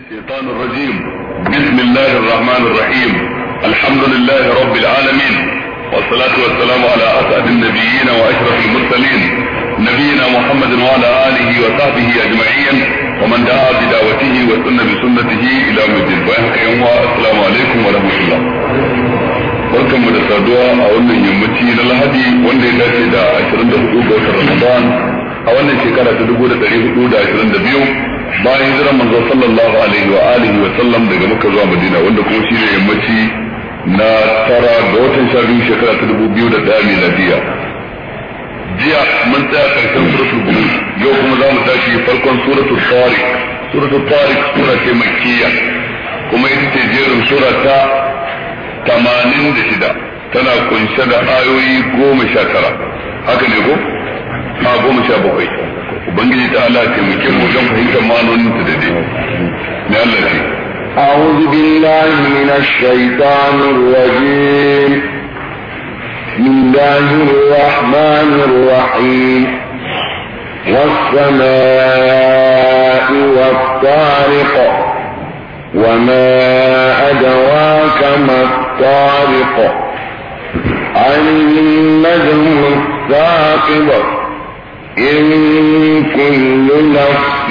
الشيطان الرجيم بسم الله الرحمن الرحيم الحمد لله رب العالمين والصلاة والسلام على أسعد النبيين وأشرف المرسلين نبينا محمد وعلى آله وصحبه أجمعين ومن دعا بدعوته وسن بسنته إلى مدين الدين السلام عليكم ورحمة الله barkanmu da saduwa a wannan yammaci na lahadi wanda ya dace da 24 ga watan ramadan a wannan shekara ta 1422 bayan hijiran manzo sallallahu alaihi wa alihi wa sallam daga makka zuwa madina wanda kuma shi ne yammaci na tara ga watan sha biyu shekara ta dubu biyu da daya miladiya jiya mun tsaya karshen suratul bulus yau kuma za mu tashi farkon suratul tariq suratul tariq sura ce makkiya kuma ita ce jerin sura ta tamanin da shida tana kunshe da ayoyi goma sha tara haka ne ko a goma sha bakwai ubangiji ta ala taimake mu don fahimtar ma'anonin ta daidai ne Allah أعوذ بالله من الشيطان الرجيم بسم الله الرحمن الرحيم والسماء والطارق وما أدراك ما الطارق النجم الثاقب إن كل نفس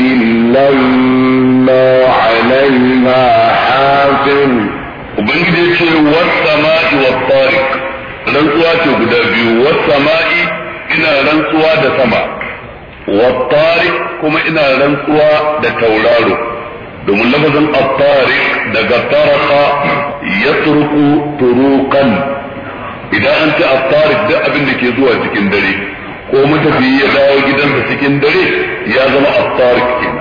لما عليها حافظ rantsuwa ce guda biyu wasama'i ina rantsuwa da sama wattari kuma ina rantsuwa da tauraro domin lafazin attari daga taraka ya turku turukan idan an ci attari duk abin da ke zuwa cikin dare ko matafiyi ya dawo gidansa cikin dare ya zama a tariq kenan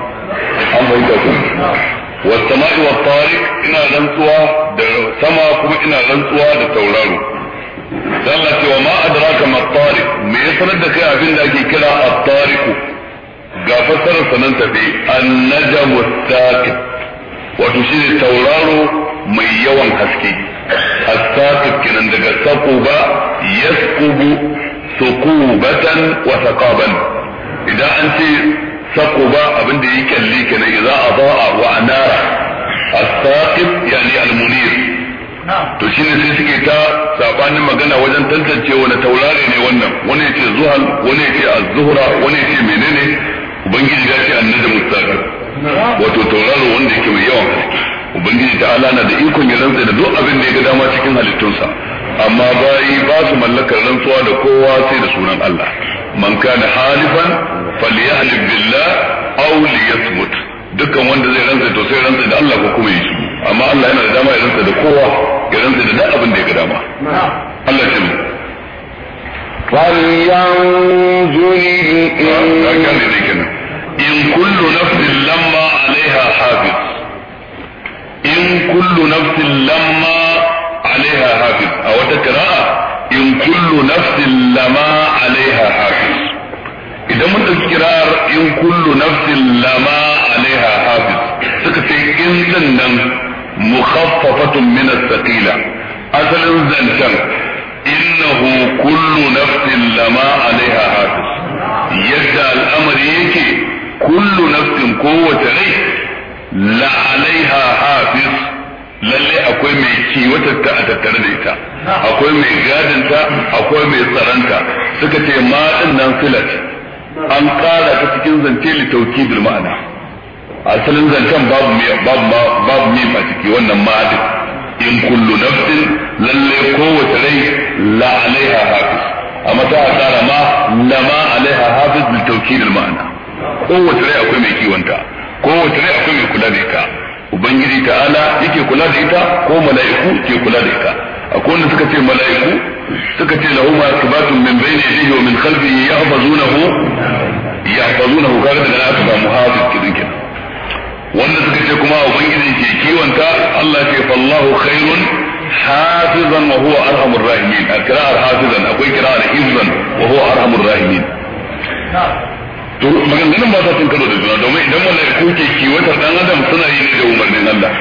an bai ta kuma wa samai wa tariq ina rantsuwa da sama kuma ina rantsuwa da tauraro don la cewa ma adraka ma tariq me ya sanar da kai abin da ake kira a ga fassarar sanan tafi an-najmu saqit wato ne tauraro mai yawan haske A saqit kenan daga saquba yasqubu suqubatan wa saqaban idan an ce saquba abin da yake kalli kenan idza adaa wa anara as-saqib yani al-munir to shine sai suke ta sabanin magana wajen tantance wani taurari ne wannan wani ya ce zuhal wani yace az-zuhra wani ya ce menene ubangiji ya ce annabi mustaqib wato tauraro wanda yake mai yawan gaske ubangiji ta ala na da ikon ya rantsa da duk abin da ya ga dama cikin halittunsa amma bayi ba su mallakar rantsuwa da kowa sai da sunan Allah man kana halifan falyahlif billah aw liyasmut dukkan wanda zai rantsa to sai rantsa da Allah ko kuma yi amma Allah yana da dama ya rantsa da kowa ya rantsa da duk abin da ya ga dama Allah ya mu فلينظر الإنسان إن كل نفس لما in kullu nafsin lamma alaiha hafiz a wata kira'a in kullu nafsin lama alaiha hafiz idan mun ɗauki kira'ar in kullu nafsin lama alaiha hafiz suka ce in din nan mukhaffafatun min as-saqila asalin zancan innahu kullu nafsin lama alaiha hafiz yadda al'amari yake kullu nafsin kowace rai la alaiha hafiz lalle akwai mai ta a tattare da ita akwai mai gadinta akwai mai tsaranta suka ce ma din nan filat an kara ta cikin zance li tawkidul ma'ana asalin zancen babu babu babu mai a ciki wannan ma'adin in kullu nafsin lalle kowace rai la alaiha hafiz amma ta kara ma lama alaiha hafiz li tawkidul ma'ana kowace rai akwai mai kiwonta kowace rai akwai mai kula da ita ubangiji ta'ala yake kula da ita ko mala'iku ke kula da ita akwai wanda suka ce mala'iku suka ce lahu ma asbatun min bayni yadihi wa min khalfihi yahfazunahu yahfazunahu kaga daga aka samu muhafiz kidin kenan wanda suka ce kuma ubangiji ke kiwanta Allah ke fallahu khairun hafizan wa huwa arhamur rahimin a kira'ar hafizan akwai kira'ar izan wa huwa arhamur rahimin to maganganun ba sa cin karo da juna domin idan mala'iku ke kiwatar dan adam suna yi ne da umarnin Allah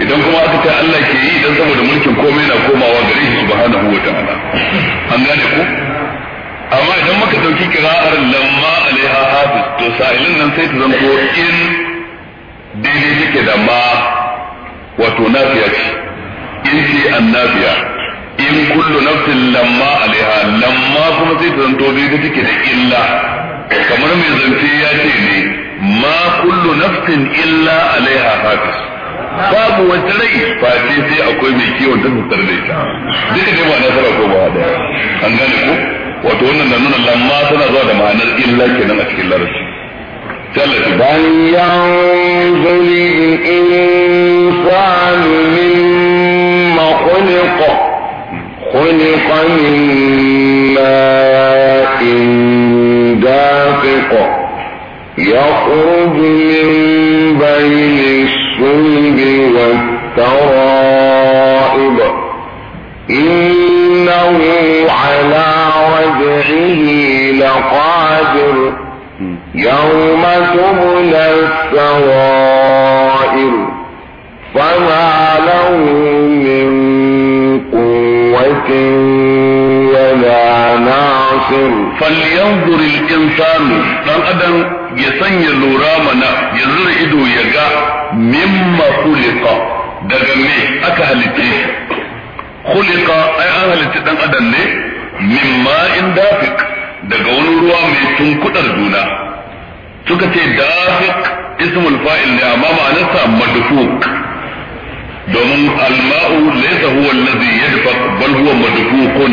idan kuma aka ta Allah ke yi idan saboda mulkin komai na komawa gare shi subhanahu wa ta'ala an gane ku amma idan muka dauki kira'ar lamma alaiha hafiz to sa'ilin nan sai ta zanto in daidai take da ma wato nafiya ce in ce annabiya in kullu nafsin lamma alaiha lamma kuma sai ta zanto daidai take da illa kamar mai zance ya ce ne ma kullu nafsin illa alaiha hafiz babu wata rai face sai akwai mai kiwon ta tattar da ita duka dai ba nasara ko ba da an gane ko wato wannan na nuna lamma tana zuwa da ma'anar illa kenan a cikin larabci بل ينظر الإنسان مما خلق خلق من ماء الحق يخرج من بين الصلب والترائب إنه على رجعه لقادر يوم تبلى السرائر فما له من قوة falyanzur al-insanu ɗan adam ya sanya lura mana ya zura ido ya ga mimma khuliqa daga me aka halitta shi ai an halitta dan adam ne mimma in dafiq daga wani ruwa mai tunkudar juna suka ce dafiq ismul fa'il ne amma ma'anarsa madfuk domin alma'u laysa huwa alladhi yadfaq bal huwa madfukun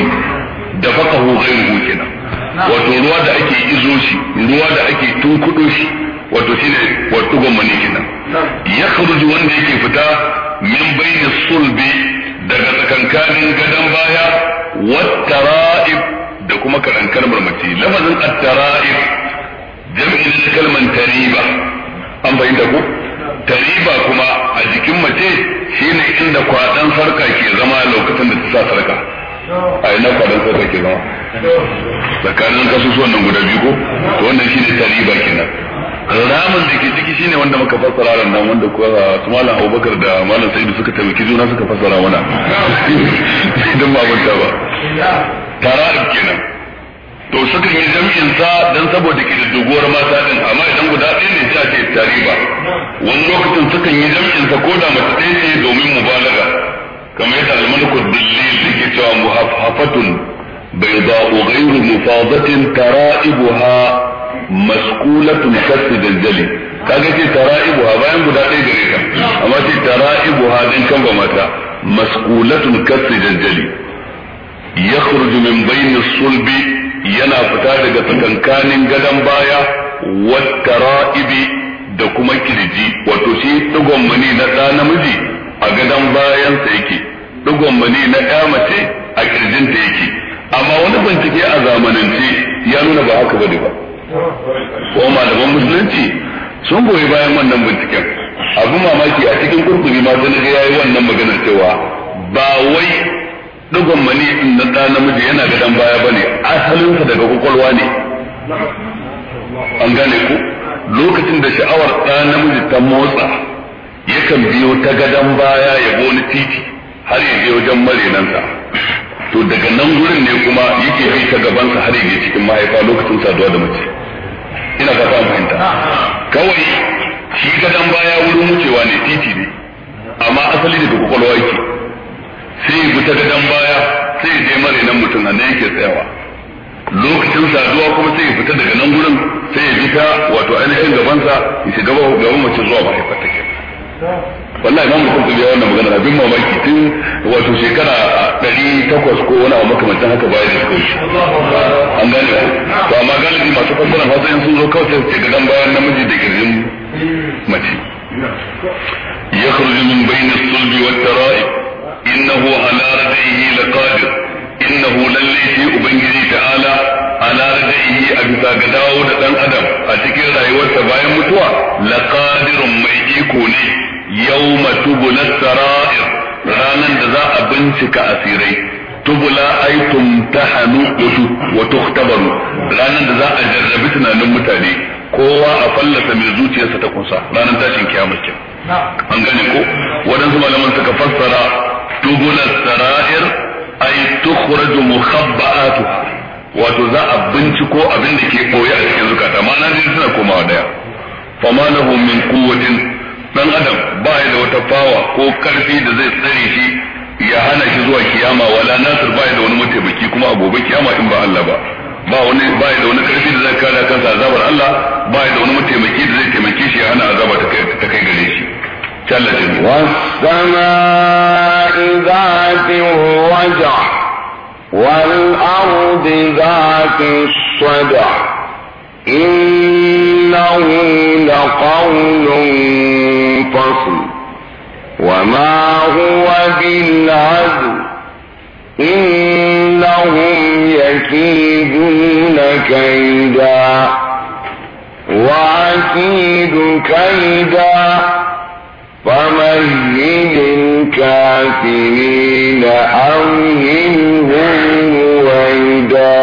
dafaqahu ghayruhu kenan wato ruwa da ake izo shi ruwa da ake tunkudo shi wato shi shine wato gwamman kenan ya kharuju wanda yake fita min bayni sulbi daga tsakankanin gadon baya wata wattara'ib da kuma karankar marmaci lafazin attara'ib jami'in na kalman tariba an fahimta ku. tariba kuma a jikin mace shine inda kwaɗan sarka ke zama lokacin da ta sa a ina kwanan sa ke zama tsakanin kasusuwan nan guda biyu ko to wannan shine tariba kenan ramin da ke ciki shine wanda muka fassara ran nan wanda ko ah, su malam Abubakar da malam Sa'idu suka tabbaki juna suka fassara mana idan ba mun ba tara'ib kenan to suka yi jami'in sa dan saboda ke da doguwar mata din amma idan guda ɗaya ne ta ce ba, wani lokacin sukan yi jami'in sa ko da mace ɗaya ce domin mubalaga kamar yadda almaliku dillil yake cewa muhaffatun bayda'u ghayru mufadatin tara'ibuha masqulatun kasdaljali kaga ce tara'ibuha bayan guda ɗaya gare ka amma ce tara'ibuha din kan ba mata masqulatun kasdaljali yakhruju min bayni sulbi yana fita daga tsakankanin gadon baya wat tara'ibi da kuma kirji wato shi digon mani na ɗa namiji a gadon bayansa yake dugon mani na ya mace a kirjinta yake amma wani bincike a zamanance ya nuna ba haka bane ba ko malaman musulunci sun goyi bayan wannan binciken abu mamaki a cikin kurkuri ma sai ga yayi wannan maganar cewa ba wai dugon mani din na ɗa namiji yana gadon baya bane asalinsa daga kwakwalwa ne an gane ku lokacin da sha'awar ɗa namiji ta motsa yakan biyo ta gadon baya ya bi wani titi har ya je wajen marinansa to daga nan gurin ne kuma yake bi ta gabansa har ya cikin mahaifa lokacin saduwa da mace ina ka ta fahimta kawai shi gadon baya wurin wucewa ne titi ne amma asali daga kwakwalwa yake sai ya bi ta gadon baya sai ya je marinan mutum a nan yake tsayawa lokacin saduwa kuma sai ya fita daga nan gurin sai ya bi ta wato ainihin gabansa ya shiga gaban mace zuwa ta kenan wallahi imam al ya wannan magana abin mamaki tun wato shekara ɗari takwas ko wani abu makamantan haka baya da suka wuce an gane ku to amma galibi masu fassara hausa in sun zo kawai sai su ga bayan namiji da kirjin mace يخرج من بين الصلب والترائب إنه على رجعه لقادر إنه لليش أبنجي تعالى على رجعه أبتا قداو لدن أدم أتكر رأيوة بايا متوى yawma tubula sara'ir ranan da za a bincika asirai tubula ay tumtahanu wa tuhtabaru ranan da za a jarrabi tunanin mutane kowa a fallasa mai zuciyarsa ta kunsa ranan tashin kiyama ke an gane ko suka fassara tubula sara'ir ay wato za a binciko abin da ke boye a cikin zukata ma'ana dai suna komawa daya fama lahum min quwwatin dan adam ba ya da wata fawa ko karfi da zai tsare shi ya hana shi zuwa kiyama wala nasir ba ya da wani mataimaki kuma a gobe kiyama in ba Allah ba ba wani ba ya da wani karfi da zai kare kansa azabar Allah ba ya da wani mataimaki da zai taimake shi ya hana azaba ta kai gare shi والسماء ذات الرجع والأرض ذات الصدع إنه لقول فصل وما هو بالعزل إنهم يكيدون كيدا وأكيد كيدا فمهل الكافرين أمهلهم رويدا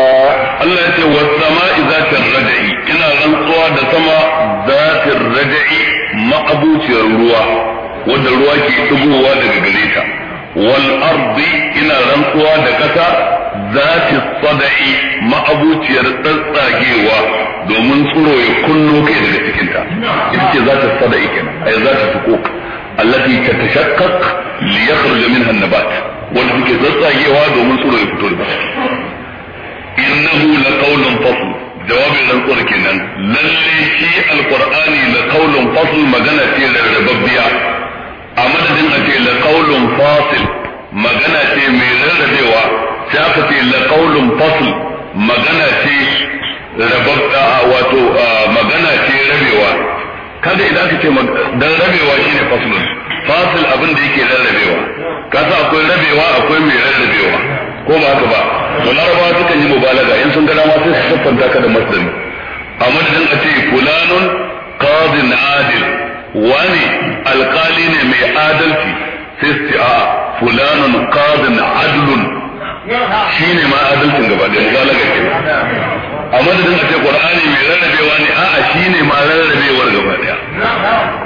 الله يتوى abuciyar ruwa wanda ruwa ke dugowa daga gare ta wal ardi ina rantsuwa da kasa zati sada'i ma'abuciyar tsatsagewa domin tsuro ya kunno kai daga cikin ta ita ce zati sada'i kenan ai zati sukuk allati tatashaqqaq li yakhruj minha an-nabat wanda take tsatsagewa domin tsuro ya fito daga innahu laqawlun fasl jawabin rantsuwar kenan lalle shi alqur'ani la qaulun magana ce rarrababbiya a madadin a ce la qaulun fasil magana ce mai rarrabewa sai aka ce la qaulun fasl magana ce rababda wato magana ce rabewa kada idan aka ce dan rabewa shine faslun fasil abin da yake rarrabewa kasa akwai rabewa akwai mai rarrabewa ko ba haka ba to sukan yi mubalaga in sun gana ma sai su siffanta ka da masdari a madadin a ce fulanun qadin adil wani alkali ne mai adalci sai su a fulanun qadin adlun shine ma adalcin gaba da mubalaga kenan a madadin a ce qur'ani mai rarrabewa ne a'a shine ma rarrabewar gaba daya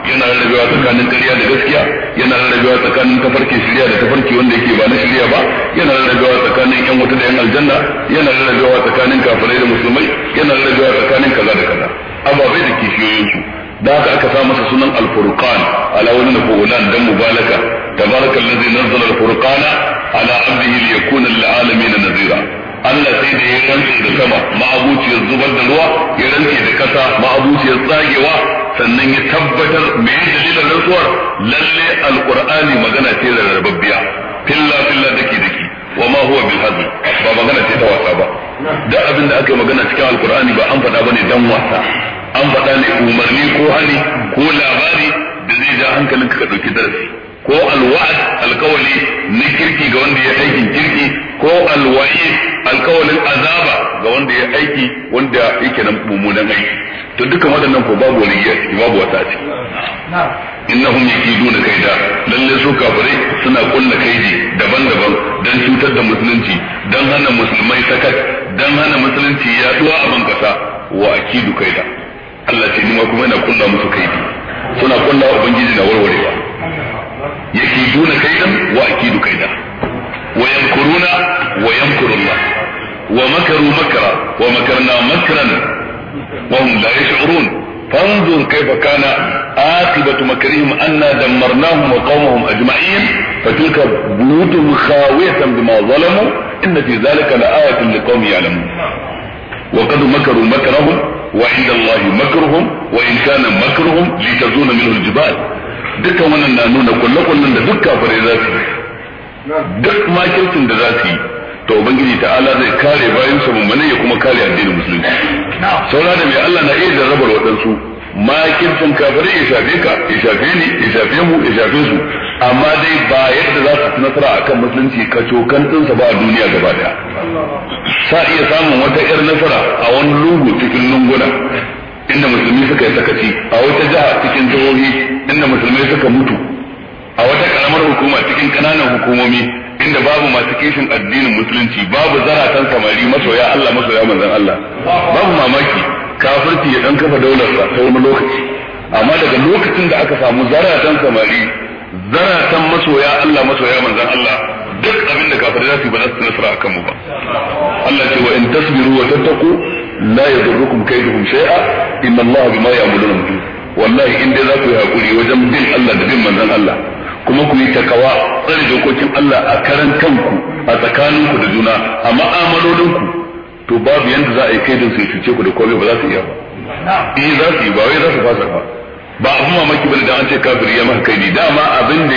yana rarrabewa tsakanin ƙarya da gaskiya yana rarrabewa tsakanin tafarki shirya da tafarki wanda yake ba na shirya ba yana rarrabewa tsakanin yan wuta da yan aljanna yana rarrabewa tsakanin kafirai da musulmai yana rarrabewa tsakanin kaza da kaza ababai da kishiyoyinsu da haka aka sa masa sunan al-furqan ala wani na fulan dan mubalaka tabarakallazi nazzala al-furqana ala abdihi liyakuna lil alamin nazira Allah sai da ya rantse da sama ma'abuciyar zubar da ruwa ya rantse da kasa ma'abuciyar tsagewa sannan ya tabbatar me ya da rantsuwar lalle alqur'ani magana ce da rababbiya filla filla dake dake wa ma huwa bil ba magana ce ta wasa ba da abin da aka yi magana cikin alqur'ani ba an faɗa bane dan wasa an faɗa ne umarni ko hani ko labari da zai ja hankalin ka ɗauki darasi ko alwa'ad alkawali na kirki ga wanda ya aikin kirki ko alwa'i alkawalin azaba ga wanda ya aiki wanda yake nan mummunan aiki to dukkan waɗannan ko babu wani iya ciki babu wata ciki innahum yakiduna kaida lalle su kafirai suna kunna kaidi daban-daban dan cutar da musulunci dan hana musulmai sakat dan hana musulunci yaduwa a ban kasa wa akidu kaida Allah ce ni ma kuma ina kunna musu kaidi suna kunna ubangiji na warwarewa yakiduna kaidan wa akidu kaida wa yamkuruna wa yamkuru Allah wa makaru makara wa makarna makran wa hum la yash'urun فانظر كيف كان عاقبة مكرهم أنا دمرناهم وقومهم أجمعين فتلك بيوتهم خاوية بما ظلموا إن في ذلك لآية لقوم يعلمون وقد مكروا مكرهم وعند الله مكرهم وإن كان مكرهم لتزول منه الجبال dukkan wannan na nuna kullakullan da duk kafirai za su duk makircin da za su yi to ubangiji ta'ala zai kare bayan su mummune ya kuma kare addinin musulunci saura da mai Allah na iya jarrabar waɗansu makircin kafirai ya shafe ka ya shafe ni ya shafe mu ya shafe su amma dai ba yadda za su nasara akan musulunci ka cokan ɗinsa ba a duniya gaba daya sa iya samun wata 'yar nasara a wani lungu cikin lunguna inda musulmi suka yi sakaci a wata jiha cikin jihohi inda musulmi suka mutu a wata karamar hukuma cikin kananan hukumomi inda babu masu kishin addinin musulunci babu zaratan samari masoya Allah masoya manzon Allah babu mamaki kafirci ya dan kafa daular sa ta wani lokaci amma daga lokacin da aka samu zaratan samari zaratan masoya Allah masoya manzon Allah duk abin da kafirai za su yi ba za su nasara akan mu ba Allah ce wa in tasbiru wa tattaqu لا يضركم كيدهم شيئا ان الله بما يعملون muhit والله in dai za ku yi hakuri wajen bin Allah da bin Allah kuma ku yi takawa tsari dokokin Allah a karan kanku a tsakaninku da juna a ma'amalolinku to babu yadda za a yi kaidin su cuce ku da kome ba za su iya ba eh za su yi ba wai za su fasa ba ba abin mamaki bane da an ce kafiri ya maka kaidi dama abin da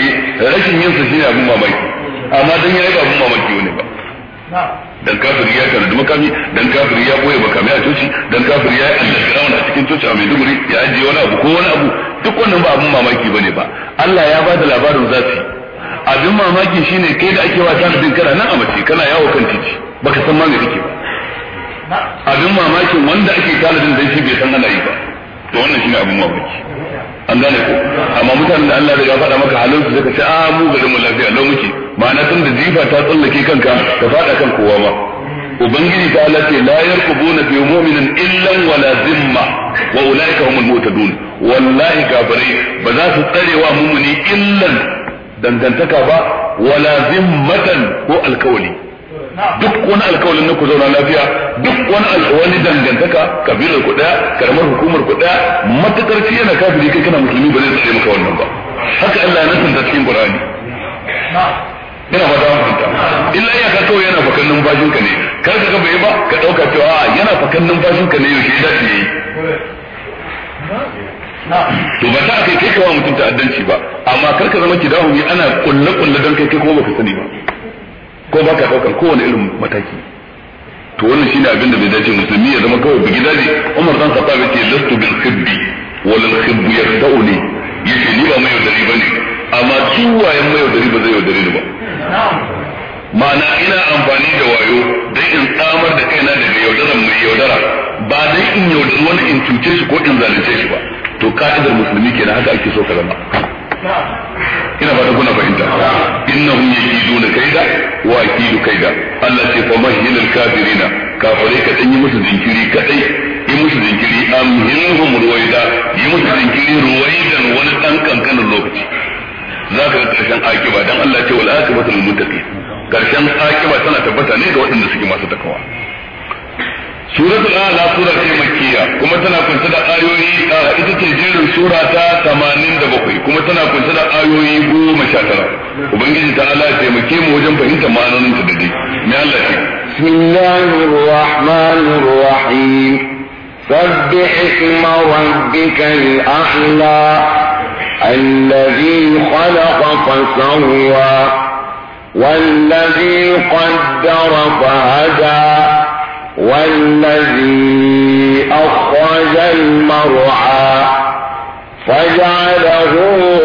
rashin yin shi ne abin mamaki amma don ya yi abin mamaki wani ba dan kafiri ya da makami dan kafiri ya boye makami a coci dan kafiri ya underground a cikin coci a Maiduguri ya ajiye wani abu ko wani abu duk wannan ba abun mamaki ba ne ba Allah ya bada labarin zafi abin mamaki shine kai da ake wasa da kana nan a mace kana yawo kan titi baka san ma me kake ba abin mamakin wanda ake talibin dan shi bai san ana yi ba to wannan shine abin mamaki an gane ko amma mutanen da Allah ya faɗa maka halin su suka ce a ah, mu mu lafiya lau muke ma'ana tun da jifa ta tsallake kanka ka faɗa kan kowa ma ubangiji ta Allah ce la yarqubuna fi mu'minin illa wala zimma wa ulaika humul mu'tadun wallahi kafirai ba za su tsare wa mu'mini illan dangantaka ba wala zimmatan ko alkawali duk wani alkawalin na ku zauna lafiya duk wani alkawali dangantaka kabilar ku daya karamar hukumar ku daya matakar ci yana kafiri kai kana musulmi ba zai tsaye maka wannan ba haka Allah ya da cikin Qur'ani ina ba za mu illa ya ka kawai yana fakan numfashin ka ne kar ka bai ba ka dauka cewa yana fakan numfashin ka ne yaushe da ke yi to ba ta kai kai kawai mutum ta'addanci ba amma kar ka zama kidahu ana kulle kulle dan kai kai kuma baka sani ba ko ba ka daukar kowane irin mataki to wannan shine abin da bai dace musulmi ya zama kawai bugi daji Umar dan Khattab yace lastu bil khibbi wal khibb yafda'uni yace ni ba mai yaudari bane amma tuwayen mai yaudari ba zai yaudari ni ba ma'ana ina amfani da wayo dai in tsamar da kaina daga yaudara mai yaudara ba dai in yaudari wani in cuce shi ko in zalunce shi ba to ka'idar musulmi kenan haka ake so ka zama ina ba da kuna fahimta innahum yakiduna kaida wa akidu kaida Allah ce fa mahilul kafirina kafare ka dan yi musu jinkiri kadai yi musu jinkiri amhilhum ruwaida yi musu jinkiri ruwaidan wani dan kankanin lokaci zaka ga karshen akiba dan Allah ce wal akibatu lil muttaqin karshen akiba tana tabbata ne ga waɗanda suke masu takawa suratul ala sura ce makkiya kuma tana kunshe da ayoyi ita ce jerin sura ta 87 kuma tana kunshe da ayoyi 19 ubangiji ta ala ce mu mu wajen fahimtar ma'anonin ta dade me Allah ce bismillahir rahmanir rahim sabbih isma rabbikal a'la الذي خلق فسوى والذي قدر فهدى والذي أخرج المرعى فجعله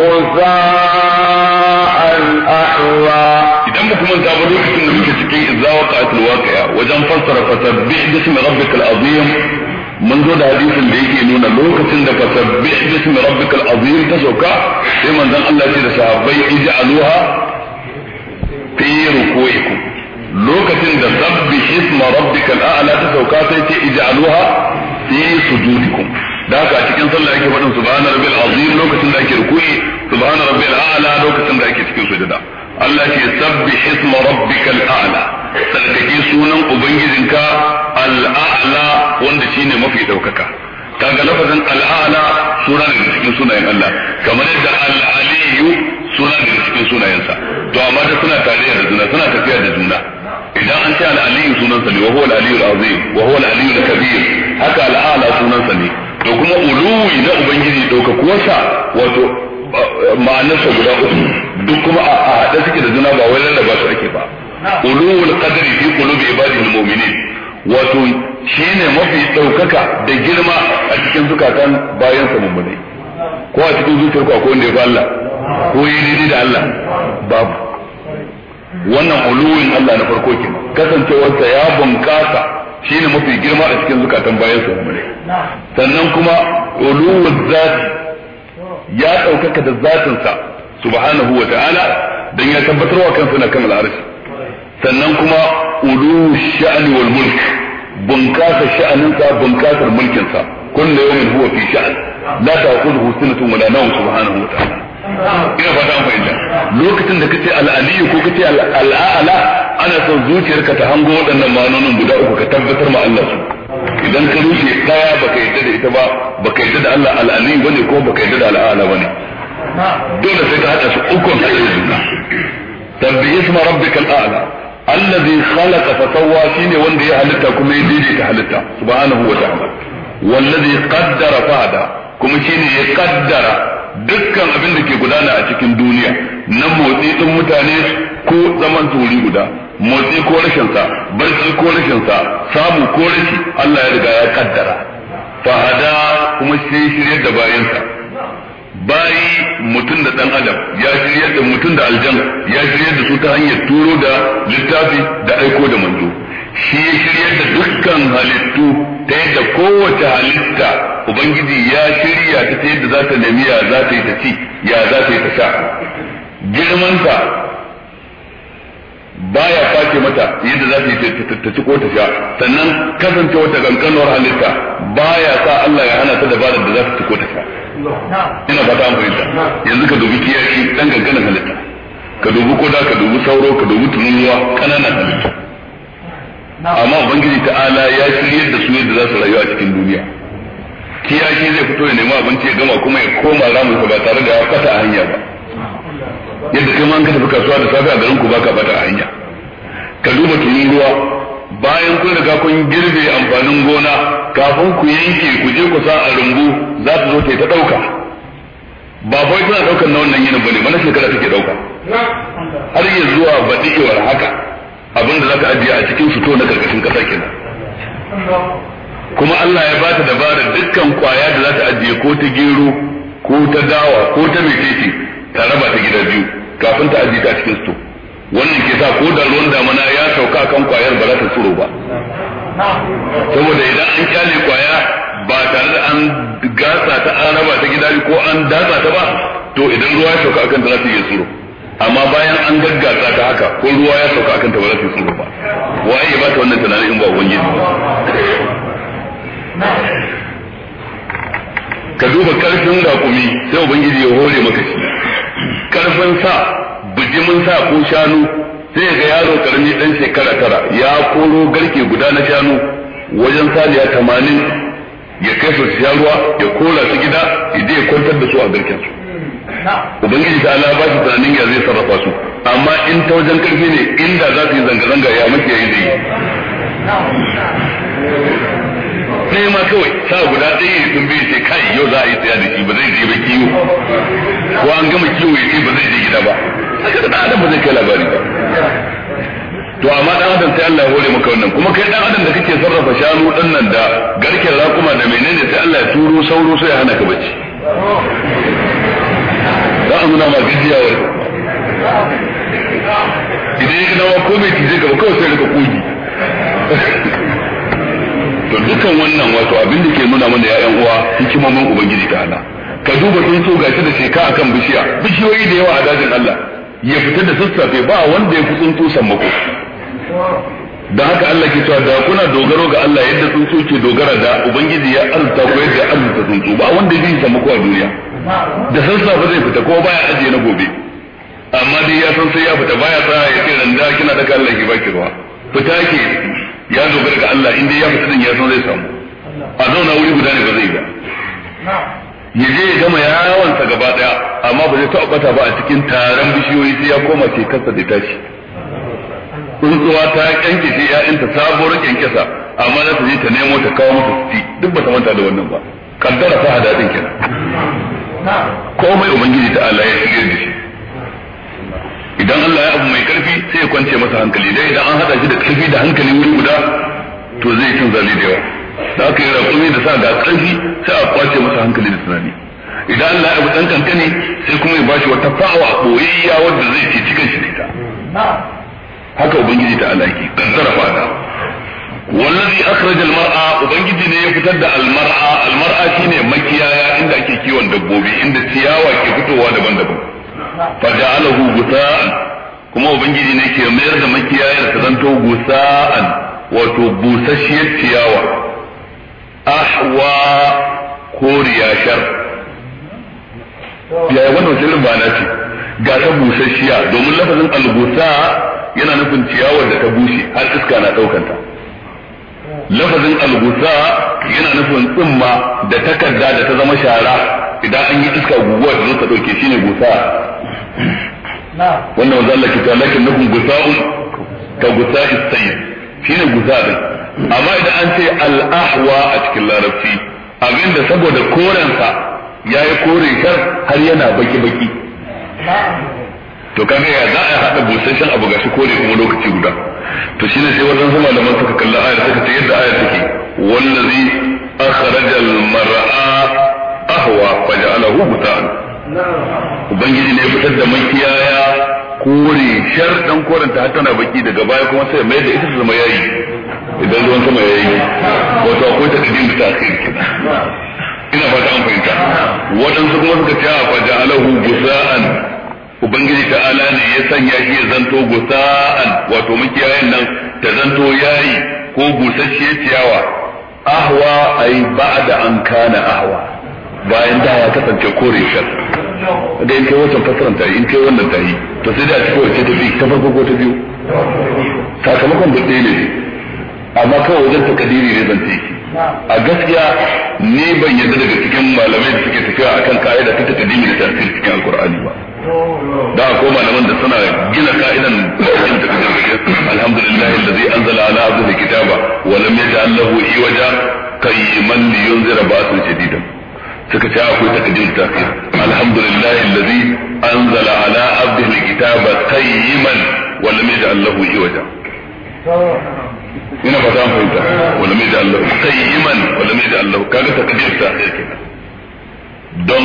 غثاء الأحوى إذا أنكم من تعبدوك في النبي كتكي إذا وقعت الواقعة وإذا فسر فسبح باسم ربك العظيم منذ الحديث اللي إنه نونا لوكة فسبح باسم ربك العظيم تسوكا إذا من ذن الله تلسى بي إجعلوها في ركوعكم lokacin da sabbi isma rabbikal a'la ta sauka sai ce ij'aluha fi sujudikum da haka a cikin sallah ake faɗin subhana rabbil azim lokacin da ake ruku'i subhana rabbil a'la lokacin da ake cikin sujada Allah ke sabbi isma rabbikal a'la sarkake sunan ubangijinka al'a'la wanda shine mafi daukaka kaga lafazin al'a'la suna daga cikin sunayen Allah kamar yadda al'aliyu suna daga cikin sunayensa to amma da suna tare da juna suna tafiya da juna idan an ce al'aliyu sunan sunansa ne wa huwa al al'azim wa huwa al al-kabir haka al'ala sunan sunansa ne to kuma uluwi na ubangiji daukakuwarsa wato sa guda uku duk kuma a haɗe suke da juna ba wai ba su ake ba uluwul qadri fi qulubi ibadihi mu'minin wato shine mafi daukaka da girma a cikin zukatan bayan sa mummunai ko a cikin zuciyarku akwai wanda ya fi Allah ko yi daidai da Allah babu wannan uluwin Allah na farko kenan kasancewarsa ya bunƙasa shine mafi girma a cikin zukatan bayan su umare sannan kuma uluwul zati ya ɗaukaka da zatinsa subhanahu wa ta'ala dan ya tabbatar wa kansa na kan arshi sannan kuma ulu sha'ani wal mulk bunƙasa sha'aninsa bunƙasar mulkinsa kullu yawmin huwa fi sha'an la ta'khudhuhu sinatun wa la nawm subhanahu wa ta'ala ina fata fahimta lokacin da kace al-aliyu ko kace al-a'la ana son zuciyarka ta hango waɗannan ma'anonin guda uku ka tabbatar ma Allah su idan ka rushe daya baka yadda da ita ba baka yadda da Allah al-aliyu bane ko baka yadda da al-a'la bane dole sai ka hada su uku a juna tabbi isma rabbikal a'la allazi khalaqa fa sawwa shine wanda ya halitta kuma ya daidaita halitta subhanahu wa ta'ala wallazi qaddara fa hada kuma shine ya qaddara dukkan abin da ke gudana a cikin duniya na motsi ɗin mutane ko zaman tsori guda motsi ko rashin sa barci ko rashin sa samu ko rashi Allah ya riga ya kaddara fahada kuma shi shirye da bayansa bayi mutum da dan adam ya shiryar da mutum da aljan ya shiryar da su ta hanyar turo da littafi da aiko da manzo shi ya shirya da dukkan halittu ta yadda kowace halitta ubangiji ya shirya ta ta yadda za ta nemi ya za ta yi ta ci ya za ta yi ta sha girmanta baya face mata yadda za ta yi ta ci ko ta sha sannan kasancewa ta kankanuwar halitta baya sa Allah ya hana ta dabarar da za ta ci ko ta sha ina ba ta amfani yanzu ka dubi kiyashi dan gangana halitta ka dubi koda ka dubi sauro ka dubi tunuwa kananan halitta amma ubangiji ala ya shirya da su yadda za su rayu a cikin duniya kiyashi zai fito ya nemi abinci ya gama kuma ya koma ramin ba tare da ya fata a hanya ba yadda kai ma an ka tafi kasuwa da safe a garin ku baka fata a hanya ka duba tunin ruwa bayan kun riga kun girbe amfanin gona kafin ku yanke ku je ku sa a rungu, za ta zo ta dauka ba fa tana daukar na wannan yinin bane mana shekara take dauka har ya zuwa badiwar haka abin da zaka ajiye a cikin to na karkashin kasa kenan kuma Allah ya bata dabarar dukkan kwaya da za ta ajiye ko ta gero ko ta dawa ko ta mecece ta raba ta gida biyu kafin ta ajiye ta cikin sto wannan ke sa ko da ruwan damana ya sauka kan kwayar ba za ta tsuro ba saboda idan an kyale kwaya ba tare da an gasa ta an raba ta gida ko an datsa ta ba to idan ruwa ya sauka akan ta za ta iya tsuro. amma bayan an gaggasa ta haka ko ruwa ya sauka akan ta ba za ta tsuro ba waye ya bata wannan tunanin in ba ubangiji ka duba karfin raƙumi sai ubangiji ya hore maka shi karfin sa buji mun sa ko shanu sai ga yaro karami dan shekara tara ya koro garke guda na shanu wajen saniya tamanin ya kai su siya ruwa ya kola su gida ya ya kwantar da su a garken su ubangiji ta ala ba shi tunanin ya zai sarrafa su amma in ta wajen karfi ne inda za su yi zanga-zanga ya mace ya yi ɗaya ma kawai sa guda ɗaya ya sun biyu sai kai yau za a yi tsaya da shi ba zai je ba kiwo ko an gama kiwo ya ce ba zai je gida ba kada ɗan adam ba zai kai labari ba to amma dan adam sai Allah ya hore maka wannan kuma kai dan adam da kake sarrafa shanu dan nan da garken rakuma da menene sai Allah ya turo sauro sai ya hana ka bacci za a nuna ma wani. idan ya gina wa komai tije gaba kawai sai rika kogi to dukan wannan wato abin da ke nuna mana ya uwa hikimomin ubangiji ta ala ka duba sun so gashi da sheka akan bishiya bishiyoyi da yawa a dajin Allah ya fita da sassafe ba wanda ya fi tsuntsu sammako da haka Allah ke cewa da kuna dogaro ga Allah yadda tsuntsu ke dogara da ubangiji ya arzuta ko yadda ya arzuta tsuntu ba wanda zai samu sammako a duniya da sassafe zai fita ko baya ajiye na gobe amma dai ya san sai ya fita baya tsaya ya ce randa kina daga Allah ke baki ruwa fita ke ya dogara ga Allah in ya fita din ya san zai samu a zauna wuri guda ne ba zai ba ya je ya gama yawansa gaba daya amma ba zai taɓa bata ba a cikin taron bishiyoyi sai ya koma ke kasa da tashi tsuntsuwa ta shi inta ya'yanta sabuwar kyankyasa amma za ta je ta nemo ta kawo mata ci duk ba ta manta da wannan ba kaddara fa hada din kenan komai ubangiji ta Allah ya shigar da shi idan Allah ya abu mai karfi sai ya kwance masa hankali dai idan an hada shi da karfi da hankali wuri guda to zai cin zali da yawa da aka yi raƙumi da sa ga karfi sai a kwace masa hankali da tunani idan Allah ya abu dan kankani sai kuma ya bashi wata fa'awa boyayya wanda zai ci cikin shi ta haka ubangiji ta Allah yake kaddara fada wallazi akhraj almar'a ubangiji ne ya fitar da almar'a almar'a shine makiyaya inda ake kiwon dabbobi inda ciyawa ke fitowa daban-daban fa gusa'an kuma ubangiji ne ke mayar da makiyaya ta zanto gusa'an wato busasshiyar ciyawa ahwa koriya shar yaya wannan shirin ba na ce ga ta busasshiya domin lafazin algusa yana nufin ciyawar da ta bushe har iska na ɗaukanta lafazin algusa yana nufin tsumma da takarda da ta zama shara idan an yi iska guguwa da zo ta ɗauke shine gusa wannan wanzu Allah ke cewa lakin nahum gusa'un ka gusa'i shi shine gusa din amma idan an ce al'ahwa a cikin larabci abinda saboda korensa yi kore kan har yana baki baki to kaga ya za a haɗa busasshen abu ga shi kore kuma lokaci guda to shine sai wannan zama da man suka kalli ayar suka ce yadda ayar take wallazi akhraja al-mar'a ahwa faja'alahu butaan ubangiji ne fitar da makiyaya kore shar dan ta hatta na baki daga baya kuma sai mai da ita zama yayi idan ruwan sama yayi wato akwai ta cikin ta kai kenan ina fata an fahimta waɗansu kuma suka ce a faja alahu gusa'an ubangiji ta'ala ne ya sanya shi ya zanto gusa'an wato makiyayan nan ta zanto yayi ko gusasshe ciyawa ahwa ai ba'da an kana ahwa bayan da ya kasance kore shar da in kai wata fasaran ta yi in kai wannan ta yi to sai da a cikin wacce ta bi ta farko ko ta biyu sakamakon da ɗaya ne amma kawai wajen kadiri ne zan teki a gaskiya ni ban yadda daga cikin malamai da suke tafiya akan ka'ida ta ta kadiri da tafsir cikin alkur'ani ba da ko malaman da suna gina ka'idan cikin takadimi alhamdulillah alladhi anzala ala abdihi kitaba wa lam yaj'al lahu iwaja qayyiman liyunzira ba'san shadidan suka ce akwai takdir takdir alhamdulillah alladhi anzala ala abdihi alkitaba qayyiman wa lam yaj'al lahu iwaja ina ba zan fahimta wa lam yaj'al lahu qayyiman wa lam yaj'al lahu kaga takdir takdir don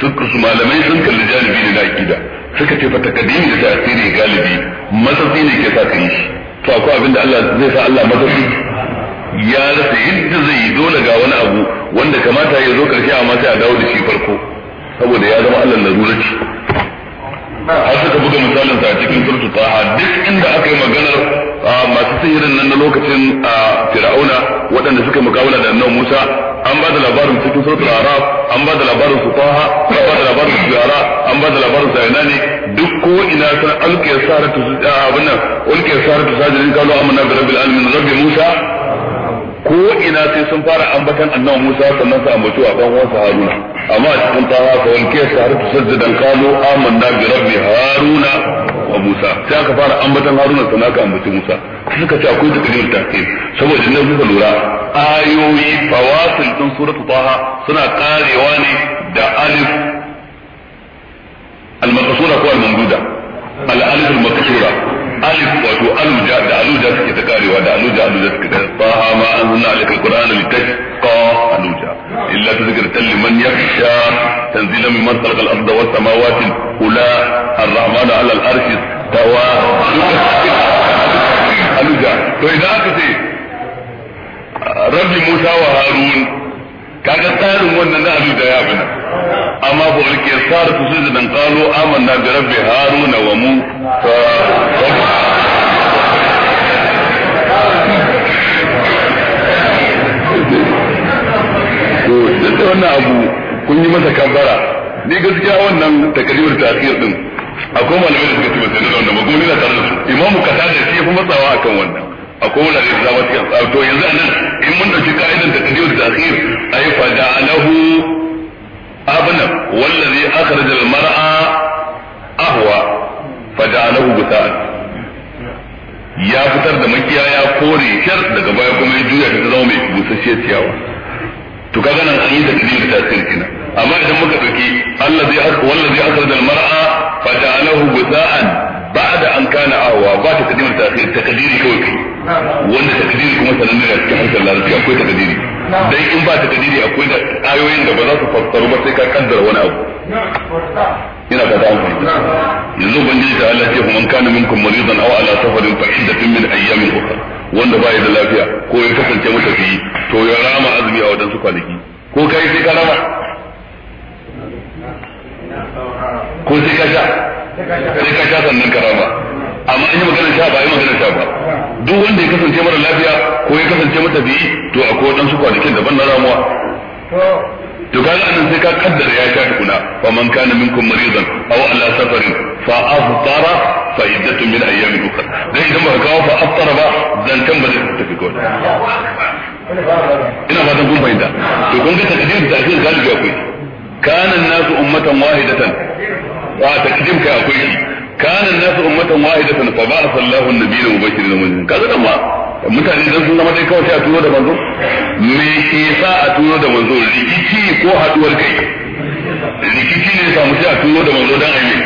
su malamai sun kalli janibi ne na akida suka ce fa takadimi da tasiri galibi matsatsi ne ke sa ka yi shi to akwai abinda Allah zai sa Allah matsatsi ya rasa yadda zai yi dole ga wani abu wanda kamata ya zo karshe amma sai a dawo da shi farko saboda ya zama Allah ci har suka buga misalin sa a cikin surtu taha duk inda aka yi maganar masu sihirin nan na lokacin a fir'auna waɗanda suka mukawala da nan Musa an ba da labarin cikin surtu araf an ba da labarin su taha an ba da labarin su yara an ba da labarin sa ne duk ko ina san alƙiyar saratu abin nan alƙiyar da sajidin kalu amana bi rabbil alamin rabbi Musa ko ina sai sun fara ambatan annabi Musa sannan su ambatu a kan wasa Haruna amma a cikin tawa ka walke su har sajjadan kalo amanna bi rabbi Haruna wa Musa sai aka fara ambatan Haruna sannan aka ambaci Musa suka ce akwai takdir takdir saboda ne kuka lura ayoyi fawasil din suratul Taha suna karewa ne da alif al-maqsura ko al-mamduda al-alif al-maqsura alif wato aluja da aluja suke ta karewa da aluja aluja suke ta taha ma anzalna alayka alqur'ana litashqa aluja illa tadhkiratan liman yakhsha tanzila mimman khalaqa al-ardha was samawati ula ar-rahmanu ala al-arshi tawa aluja to idan ka ce rabbi musa wa harun kaga tsarin wannan da aluja ya bana amma ba ulke sarfu sujudan dankalo amanna da rabbi haruna wa musa sun yi masa kambara ni gaskiya wannan takalibar ta akhir din akwai malamai da suka ce bai da wannan magoni na tare da su imamu kata da shi ya fi matsawa akan wannan akwai wani da zama cikin to yanzu anan in mun dauki ka'idar takalibar ta akhir ay fa ja'alahu abna wallazi akhraja al-mar'a ahwa fa ja'alahu gusa'an ya fitar da makiya ya kore shar daga baya kuma ya juya ta zama mai busasshiyar ciyawa to kaga nan an yi da da tasiri kina. amma idan muka dauki allazi wallazi akhraja almar'a fa ja'alahu ghutha'an ba'da an kana ahwa ba ta kadimin ta'khir takdiri kawai kai wanda takdiri kuma sananne ne cikin harshen larabci akwai takdiri dai in ba takdiri akwai da ayoyin da ba za su fassaru ba sai ka kaddara wani abu ina fata an fahimta yanzu ubangiji ta Allah ce man kana minkum maridan aw ala safarin fa iddatun min ayyamin ukhra wanda ba ya da lafiya ko ya kasance matafiyi to ya rama azumi a wadansu kwanaki ko kai sai ka rama ko sai ka sha sai ka sha sannan ka raba amma in yi magana sha ba yi magana sha ba duk wanda ya kasance mara lafiya ko ya kasance matafiyi to akwai waɗansu kwanakin daban na ramuwa to kaga anan sai ka kaddara ya sha tukuna fa man kana minkum maridan aw ala safarin fa aftara fa iddatu min ayyamin ukhra dai idan ba kawo fa aftara ba kan ba zai tafi ko ina fatan kun fahimta to kun ga takdir da ake galibi akwai kana nasu ummatan wahidatan wa takdim kai akwai shi kana nasu ummatan wahidatan fa ba'atha Allahu an mutane zan sun zama dai kawai sai a turo da manzo me ke sa a turo da manzo rikici ko haduwar kai rikici ne samu sai a turo da manzo dan ayi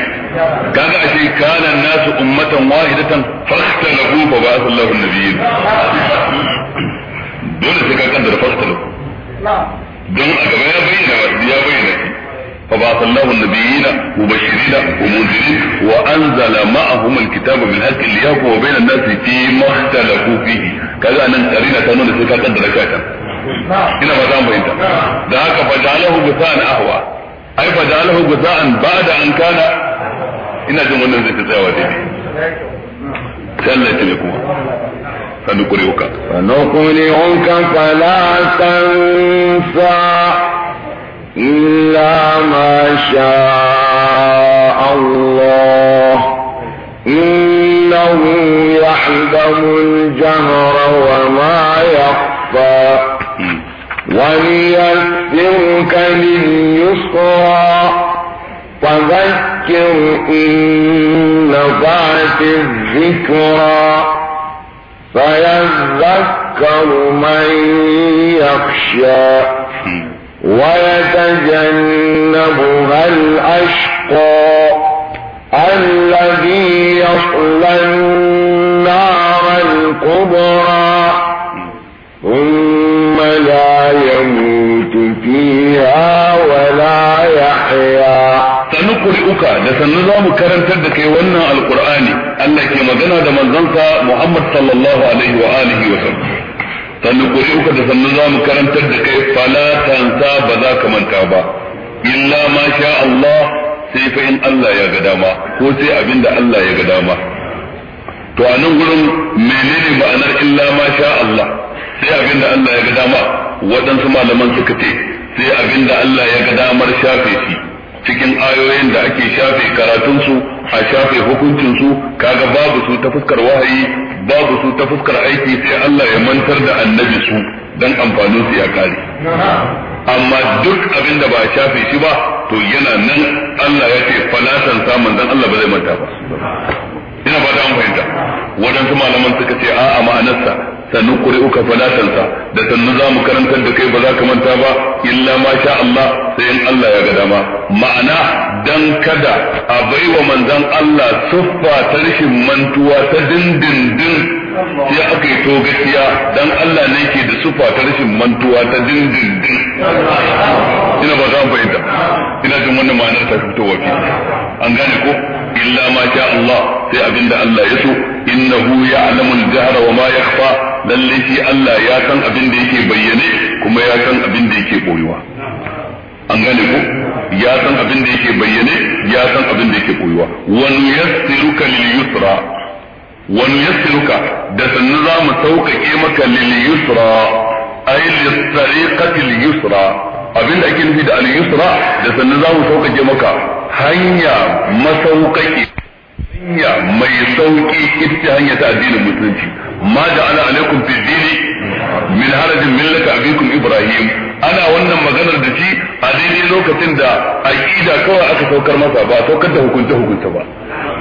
kaga ashe kana nasu ummatan wahidatan fa ikhtalafu fa ba'atha Allahu an-nabiyya dole sai ka kan da fa ikhtalafu don a gaba ya bayyana ya bayyana shi فبعث الله النبيين مبشرين ومنذرين وانزل معهم الكتاب بالحق ليحكم بين الناس فيما اختلفوا فيه كذا ان قرينا كانوا sai ka kaddara kaka ina ba za mu fahimta da haka fajalahu gusan ahwa ai fajalahu gusan ba'da an kana ina jin wannan zai سنقرئك سنقرئك فلا تنسى إلا ما شاء الله إنه يعلم الجهر وما يخفى وليسرك لليسرى فذكر إن نفعت الذكرى فيذكر من يخشى ويتجنبها الأشقى الذي يصلى النار الكبرى rabbuka da sannu za mu karantar da kai wannan alqur'ani Allah ke magana da manzansa Muhammad sallallahu alaihi wa alihi wa sallam sannu ko uka da sannu za mu karantar da kai fala tansa ba za ka manta ba illa ma sha Allah sai fa in Allah ya ga dama ko sai abinda Allah ya ga dama to a nan gurin menene ma'anar illa ma sha Allah sai abinda Allah ya ga dama waɗansu malaman suka ce sai abinda Allah ya ga damar shafe shi cikin ayoyin da ake shafe karatunsu a shafe hukuncinsu kaga babu su ta fuskar wahayi babu su ta fuskar aiki sai Allah ya mantar da annabi su dan amfanin su ya kare amma duk abin da ba a shafe shi ba to yana nan Allah ya ce falasan sa manzon Allah ba zai manta ba ina ba ta an fahimta waɗansu malaman suka ce a'a ma'anarsa sannu ƙuri'uka falatansa da sannu za mu karantar da kai ba za ka manta ba illa ma sha Allah sai in Allah ya ga dama ma'ana dan kada a baiwa manzon Allah suffa ta rashin mantuwa ta dindindin sai aka yi to gaskiya dan Allah ne ke da suffa ta rashin mantuwa ta dindindin ina ba za mu fahimta ina jin wannan ma'anar ta fitowa fi an gane ko illa ma Allah sai abinda Allah ya so innahu ya'lamul jahra wa ma yakhfa lalle shi Allah ya san abin da yake bayyane kuma ya san abin da yake boyuwa an gane ko ya san abin da yake bayyane ya san abin da yake boyuwa wa nuyassiruka lil yusra wa nuyassiruka da sannu za mu sauƙaƙe maka lil da da za mu sauƙaƙe maka hanya masaukaki hanya mai sauki ita hanya ta addinin musulunci ma ja'ala alaikum fi dini min harajin millata abikum ibrahim ana wannan maganar da shi a daidai lokacin da aqida kawai aka saukar masa ba saukar da hukunce hukunce ba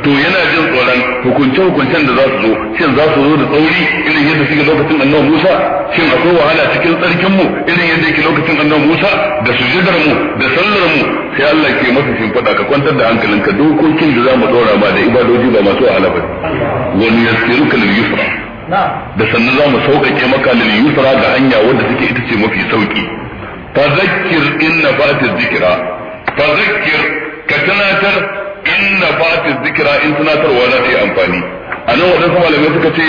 to yana jin tsoron hukunce hukuncen da za su zo shin za su zo da tsauri irin yadda suke lokacin annabi Musa shin akwai wahala cikin tsarkin mu irin yadda yake lokacin annabi Musa da sujudar mu da sallar mu sai Allah ke masa fada ka kwantar da hankalinka dokokin da zamu mu dora ba da ibadoji ba masu wahala ba wani yasiruka lil yusra da sannan za mu sauƙaƙe maka lil yusra da hanya wadda take ita ce mafi sauƙi fa zakkir in nafati dhikra fa zakkir ka tunatar in nafati dhikra in tunatarwa za ta yi amfani a nan waɗansu malamai suka ce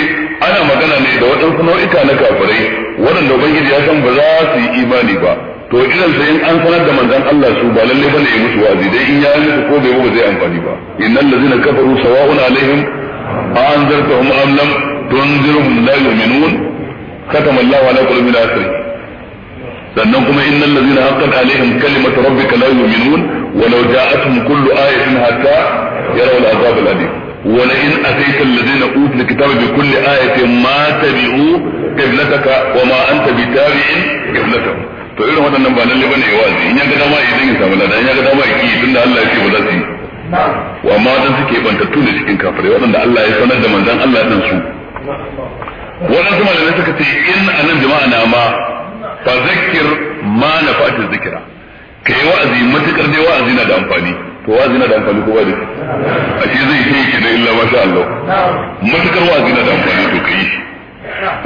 ana magana ne da waɗansu nau'ika na kafirai waɗanda ubangiji ya san ba za su yi imani ba to irin sai an sanar da manzan Allah su ba lalle bane ya musu wa'azi dai in ya yi musu ko bai ba zai amfani ba innal ladzina kafaru sawa'un alaihim a anzartahum am lam tunzirhum la yu'minun khatama Allahu ala qulubina asri sannan kuma innal ladina haqqat alaihim kalimatu rabbika la yu'minun walau ja'atuhum kullu ayatin hatta yaraw al'azab al'adim wa la in ataita alladhina utul kitaba bi kulli ayatin ma tabi'u qiblataka wa ma anta bi tabi'in qiblatahum to irin wannan ba lalle bane yawa zai in ya ga dama idan ya samu ladan ya ga dama yake tunda Allah ya ce ba zai wa ma dan suke banta cikin kafirai wanda Allah ya sanar da manzon Allah din su wannan kuma ne suka ce in anan jama'a na ma fa zakkir ma zikira. Ka kai wa'azi matukar dai wa'azi na da amfani to wa'azi na da amfani ko dai. a shi zai ce ki da illa ma sha Allah matukar wa'azi na da amfani to kai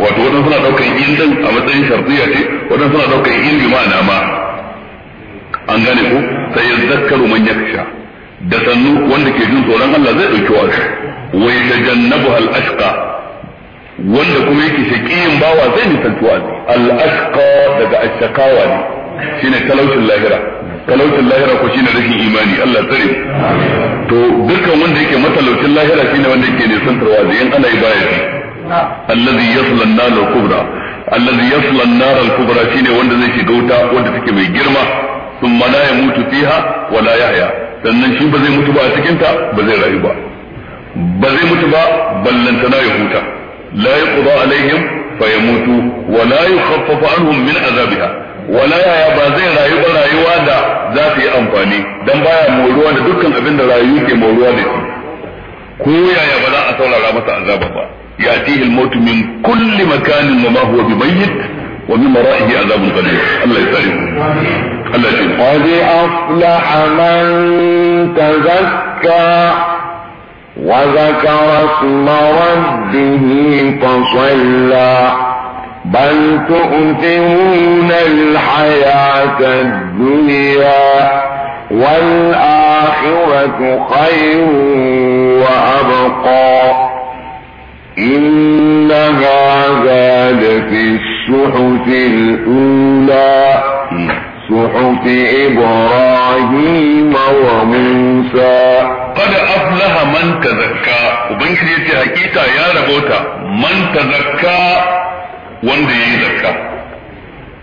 wato wadansu suna daukar in a matsayin shartiya ce wadansu suna daukar in bi ma'ana ma an gane ko sai ya zakkaru man yaksha da sannu wanda ke jin tsoron Allah zai dauki wa'azi da jannabu al-ashqa wanda kuma yake shaqiyin bawa zai nisanci wa'azi al-ashqa daga ashqawa ne shine talaucin lahira talaucin lahira ko shine rashin imani Allah tsare to dukkan wanda yake matalaucin lahira shine wanda yake nisantar wa'azi in ana yi baya shi alladhi yasla an-nar al-kubra alladhi yasla an-nar al-kubra shine wanda zai shiga wuta wanda take mai girma thumma la yamutu fiha wa la yahya sannan shi ba zai mutu ba a cikin ta ba zai rayu ba ba zai mutu ba ballantana ya huta la yuqda alaihim fa yamutu wa la yukhaffafu anhum min azabiha walaya ya ba zai rayu ba rayuwa da za ta yi amfani dan baya moruwa da dukkan abinda da rayu ke moruwa da shi ko yaya ba za a saurara masa azaba ba يأتيه الموت من كل مكان وما هو بميت ومن ورائه عذاب قليل الله يسلمه الله يسلمه قد أفلح من تزكى وذكر اسم ربه فصلى بل تؤثرون الحياة الدنيا والآخرة خير وأبقى إن هذا لفي الصحف الأولى صحف إبراهيم وموسى da aflaha man zakka, ubangiji yace hakika ya rabota man zakka wanda yayi zakka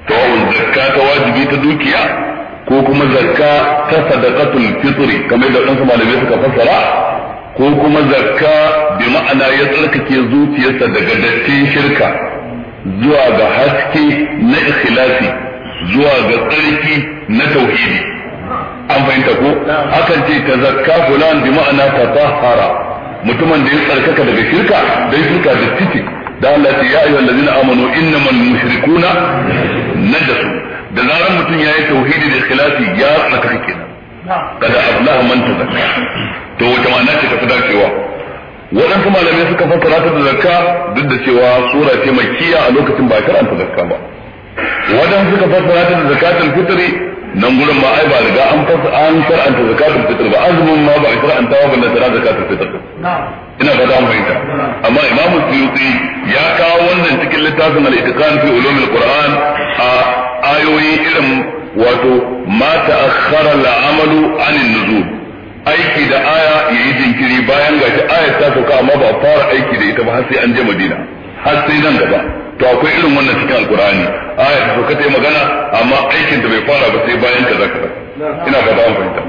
to zakka ta wajibi ta dukiya ko kuma zakka ta sadaqatul fitri kamar da dan malamai suka fassara ko kuma zakka bi ma'ana ya tsarkake zuciyarsa daga dattin shirka zuwa ga haske na ikhlasi zuwa ga tsarki na tauhidi an fahimta ko akan ce ta zakka fulan bi ma'ana ta tahara mutumin da ya tsarkaka daga shirka da shirka da titi da Allah ya ya ayyuhal ladina amanu innamal mushrikuna najasu da zaran mutum ya yi tauhidi da ikhlasi ya tsarkaka kenan kada Allah man ta zakka to wata ma'ana ce ta fi dacewa waɗansu malamai suka fassara ta da zakka duk da cewa sura ce mai kiya a lokacin ba karanta zakka ba waɗansu suka fassara ta da zakatul fitri nan gurin ma ai ba riga an fasa an karanta zakatul fitr ba azumin ma ba karanta ba balla tara zakatul fitr ina ba da mai amma imam suyuti ya kawo wannan cikin littafin al-itqan fi ulumul qur'an a ayoyi irin wato ma ta'akhkhara al-amalu an nuzul aiki da aya yayi jinkiri bayan gashi aya ta sauka amma ba fara aiki da ita ba har sai an je madina har sai nan gaba to akwai irin wannan cikin alkur'ani aya ta sauka ta yi magana amma aikin da bai fara ba sai bayan ta zaka ina ga an fahimta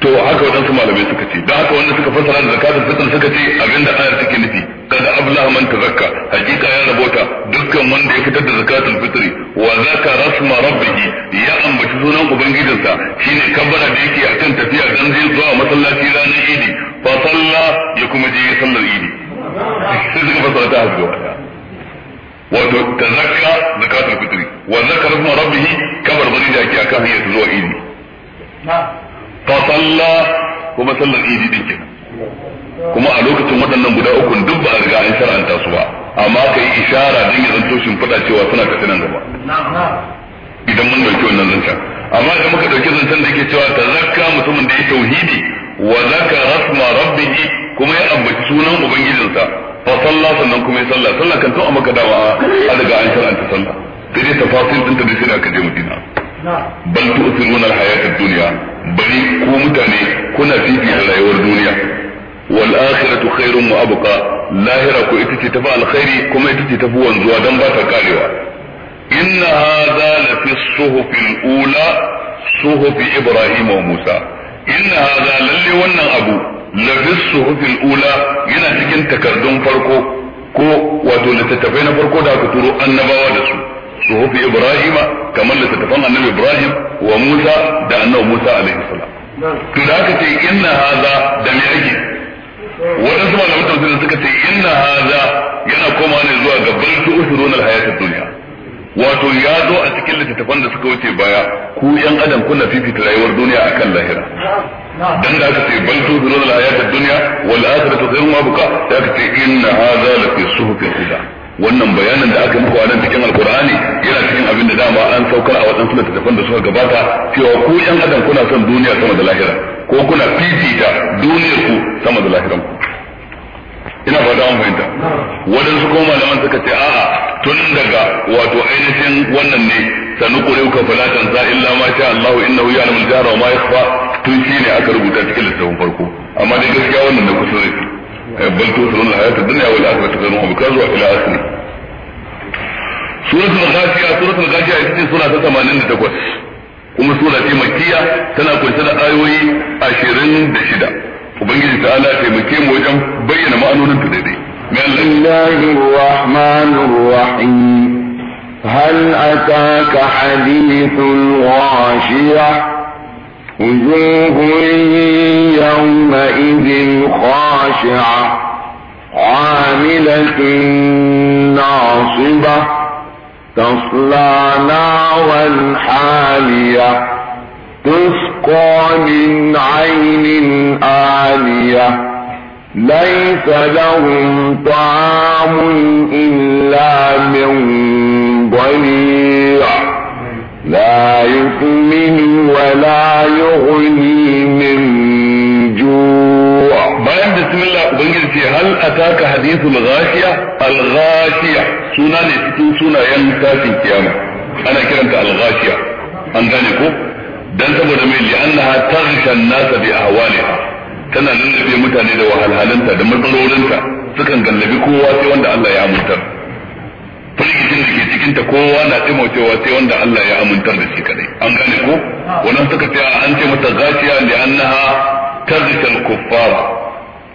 to haka waɗansu malamai suka ce da haka wanda suka fassara da zakatul fitr suka ce abinda ayar take nufi kada ablah man tazakka hakika ya rabota dukkan wanda ya fitar da zakatul fitr wa zakara rasma rabbih ya ambaci sunan ubangijinsa shine kabbara da yake akan tafiya dan zai zuwa masallaci ranar idi fa salla ya kuma je sallar idi sai suka fassara ta haka wato tazakka zakatul fitr wa zakara rasma rabbih kabar bari da yake akan hanyar zuwa idi na'am fa salla kuma sallar idi din kenan kuma a lokacin waɗannan guda uku duk ba a riga an shar'anta su ba amma ka yi ishara din to shin fada cewa suna tafi nan gaba idan mun dauki wannan zancen amma idan muka dauki zancen da yake cewa ta zakka mutumin da ya tauhidi wa zakara rasma rabbihi kuma ya ambaci sunan ubangijinsa fa sallah sannan kuma ya sallah sallah kan to a maka dawa a riga an shar'anta sallah sai dai tafasil din ta da shi da aka je Madina bal tu'thiruna al-hayata ad-dunya bari ku mutane kuna fifita rayuwar duniya wal akhiratu khairun wa abqa lahira ko ita ce tafi alkhairi kuma ita ce fi wanzuwa dan ba ta karewa inna hadha la fi suhuf al-ula suhuf ibrahim wa musa inna hadha lalle wannan abu la fi suhuf al-ula yana cikin takardun farko ko wato littattafai na farko da aka turo annabawa da su suhuf ibrahim kamar littattafan annabi ibrahim wa musa da annabi musa alaihi to da aka ce inna haza da me ake waɗansu malaman tafsir suka ce inna haza yana koma ne zuwa ga bal wato ya zo a cikin littattafan da suka wuce baya ku yan adam kuna fifita rayuwar duniya akan lahira dan da aka ce bal tu'thiruna al-hayatad dunya wal akhiratu khairun wa abqa da aka ce inna haza la fi suhufil huda wannan bayanin da aka yi kwanan cikin alkur'ani yana cikin abin da dama an saukar a wadansu littattafan da suka gabata cewa ku yan adam kuna son duniya sama da lahira ko kuna fifita duniyar ku sama da lahiran ku ina fata an fahimta waɗansu kuma malaman suka ce a'a tun daga wato ainihin wannan ne sanuqulu ka falatan za illa ma sha Allah innahu ya'lamul jahra wa ma yakhfa tun ne aka rubuta cikin littafin farko amma dai gaskiya wannan da kusurai bal tusirun al sura ta 88 kuma tana kunshe da ayoyi shida. ubangiji ta ala taimake mu wajen bayyana ma'anonin ta daidai Bismillahir Rahmanir Rahim هل أتاك حديث الغاشية وجوه يومئذ خاشعة عاملة ناصبة تصلى نارا حالية تسقى من عين آلية ليس لهم طعام إلا من ضريع لا يؤمن ولا يغني من جوع bayan bismillah ubangiji ce hal ataka hadithul ghashiya al ghashiya suna ne cikin sunayen tashin kiyama ana kiranta al ghashiya an gane ko dan saboda mai li'annaha taghsha an-nasa bi ahwaliha tana lullube mutane da wahalhalanta da matsalolinta sukan gannabi kowa sai wanda Allah ya amintar firgicin da ke cikinta kowa na taimakewa sai wanda Allah ya amintar da shi kadai an gane ko wannan suka ce an ce mata gashiya da annaha tarzikal kuffara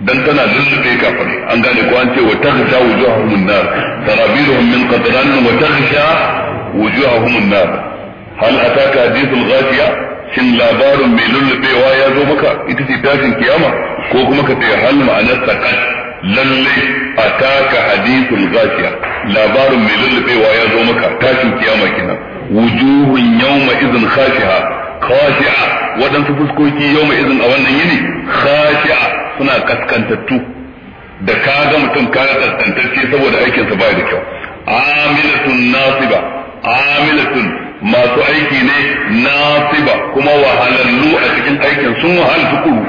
dan tana lullube kafare an gane ko an ce wa taghsha wujuhahum an-nar sarabiluhum min qatran wa taghsha wujuhahum an-nar hal ataka hadithul ghashiya shin labarin mai lullubewa ya zo maka ita ce tashin kiyama ko kuma ka ce hal ma'anar sakat lalle taka hadithul ghashiya labarin mai lullubewa ya zo maka tashin kiyama kenan wujuhun yawma izin khashiha khashi'a wadansu fuskoki yawma izin a wannan yini khashi'a suna kaskantattu da kaga mutum ka kaskantacce saboda aikinsa bai da kyau amilatun nasiba amilatun masu aiki ne nasiba kuma wahalallu a cikin aikin sun wahala tukuru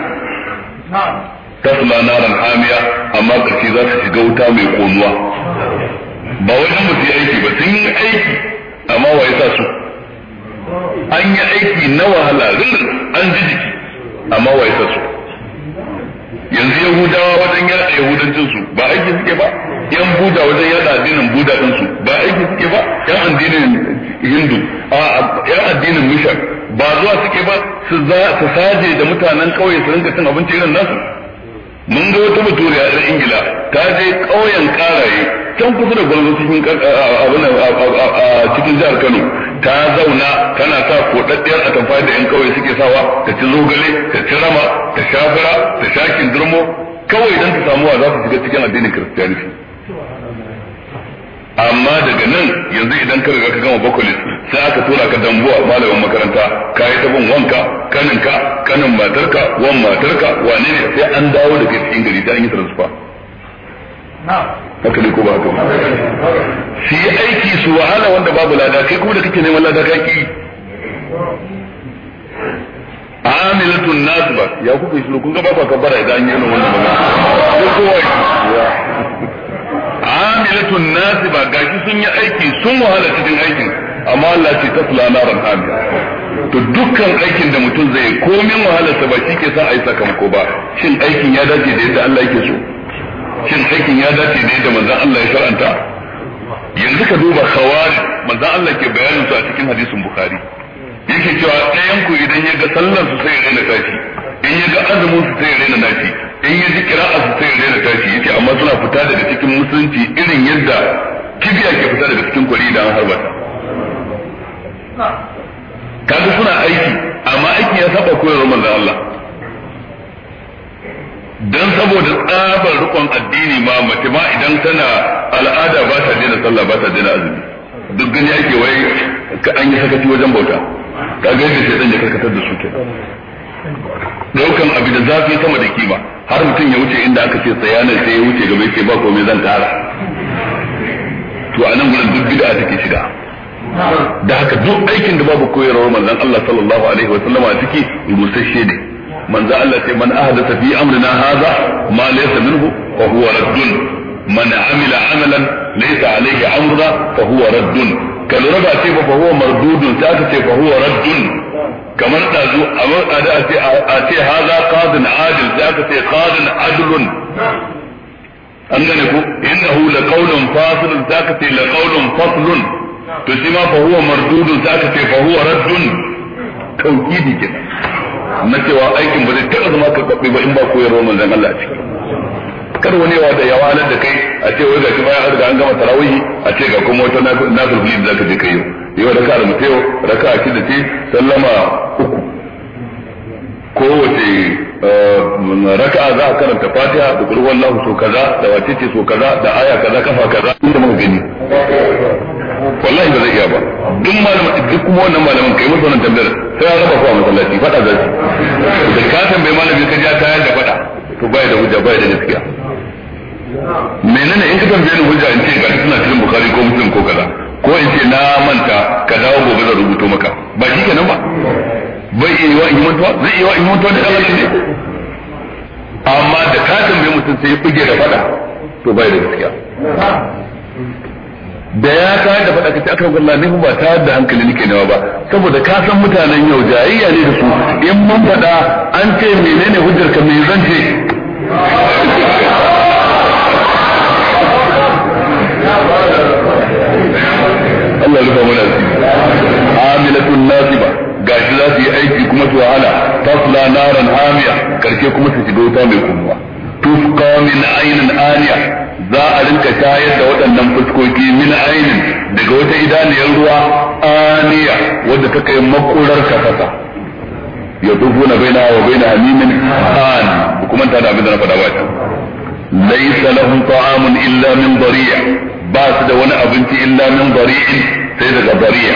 tasla naran hamiya amma kace za su shiga wuta mai konuwa ba wai mu yi aiki ba sun yi aiki amma wa sa su an yi aiki na wahala rin an ji jiki amma wa sa su yanzu yahudawa wajen yada yahudancin su ba aiki suke ba yan buda wajen yada addinin buda din su ba aiki suke ba yan addinin hindu a yan addinin mishak ba zuwa suke ba su saje da mutanen kauye su rinka cin abinci irin nasu mun ga wata mutuwa a ingila ta je ƙauyen karaye can kusa da gwamnati cikin a cikin jihar kano ta zauna tana sa kodaddiyar a tafai da yan ƙauye suke sawa ta ci zogale ta ci rama ta shafira shakin ta shakin durmo kawai don ta samuwa wa za su shiga cikin addinin kiristiyaniti amma daga nan yanzu idan ka riga ka gama bakwai sai aka tura ka dambuwa malamin makaranta ka yi ta bin wanka ka kanin matarka wan matarka wane ne sai an dawo da kai cikin gari ta an yi transfer haka ne ko ba haka ba su yi aiki su wahala wanda babu lada kai kuma da kake neman lada ka ki amilatun nasba ya kuka yi shiru kun ga ba ka bara idan yi wannan magana sai amilatun nasiba gaji sun yi aiki sun wahala cikin aikin amma Allah ce tasla naran hamiya to dukkan aikin da mutum zai komin ta ba shi ke sa a yi sakamako ba shin aikin ya dace da yadda Allah yake so shin aikin ya dace da yadda manzon Allah ya shar'anta yanzu ka duba khawari manzon Allah ke bayanin su a cikin hadisin bukhari yake cewa ɗayan ku idan ya ga sallar su sai ya raina tashi in ya ga azumin su sai ya raina nafi in yi zikira a su sai ya daina tashi yace amma suna fita daga cikin musulunci irin yadda kibiya ke fita daga cikin kwari da an harbata kaga suna aiki amma aiki ya saba koyar roman da Allah dan saboda tsabar rukun addini ma mace ma idan tana al'ada ba ta daina sallah ba ta daina azumi duk gani ake wai ka an yi sakaci wajen bauta kaga yadda sai ya karkatar da su kenan daukan abu da zafi sama da kima har mutum ya wuce inda aka ce tsayana sai ya wuce gaba ce ba komai zan tara, to a nan gudan duk bid'a take shiga da haka duk aikin da babu koyarwar manzon Allah sallallahu alaihi wa sallama ciki musasshe ne manzon Allah sai man ahdatha fi amrina hadha ma laysa minhu fa huwa raddun man amila amalan laysa alaihi amruna fa huwa raddun kalu ba ce ba fa huwa mardudun ta ce fa huwa raddun kamar dazu a da a ce ha haza qadin adil za ka ce qadin adlun an gane ku innahu laqawlun fasilun za ka ce la laqawlun faslun to shi ma fa huwa mardudun za ka ce fa huwa raddun tauhidi kenan na cewa aikin ba zai taɓa zama karɓaɓɓe ba in ba koyarwar manzon Allah a ciki kar wani yawa da yawa nan da kai a ce wai gashi bayan arga an gama tarawihi a ce ga kuma wata nafil bilin da zaka je kai yau yau da mutai yau raka a da ce sallama uku kowace eh, raka za a karanta fatiha da kulhu wallahu so kaza da ce so kaza da aya kaza kafa kaza inda muka gani wallahi ba zai iya ba duk malamin duk kuma wannan malamin kai musu wannan tambayar sai ya raba kuwa masallaci fada zai da ka bai malami ka ja tayar da fada to bai da hujja bai da gaskiya menene in ka tambaye ni hujja in ce ga suna cikin bukari ko muslim ko kaza ko in ce na manta ka dawo gobe zan rubuto maka ba shi kenan ba bai iya yiwa in mutuwa zai iya in mutuwa da Allah ne amma da ka tambaye mutum sai ya buge da fada to bai da gaskiya da ya tayar da faɗa kace akan Allah ne ba ta da hankali nake nawa ba saboda ka san mutanen yau jayayya ne da su in mun faɗa an ce menene hujjar ka me zan ce Allah rufa mana amilatun nasiba gashi za su yi aiki kuma su wahala tasla naran hamiya karshe kuma su shiga wuta mai kunwa Tufka min ainin aniya za a rinka shayar da waɗannan fuskoki min ainin daga wata idaniyar ruwa aniya wadda ta kai makurar kafasa ya na baina wa baina hamimin an kuma ta da abin da na faɗa ba laisa lahum ta'amun illa min bariya. ba su da wani abinci illa min bari'in sai daga bariya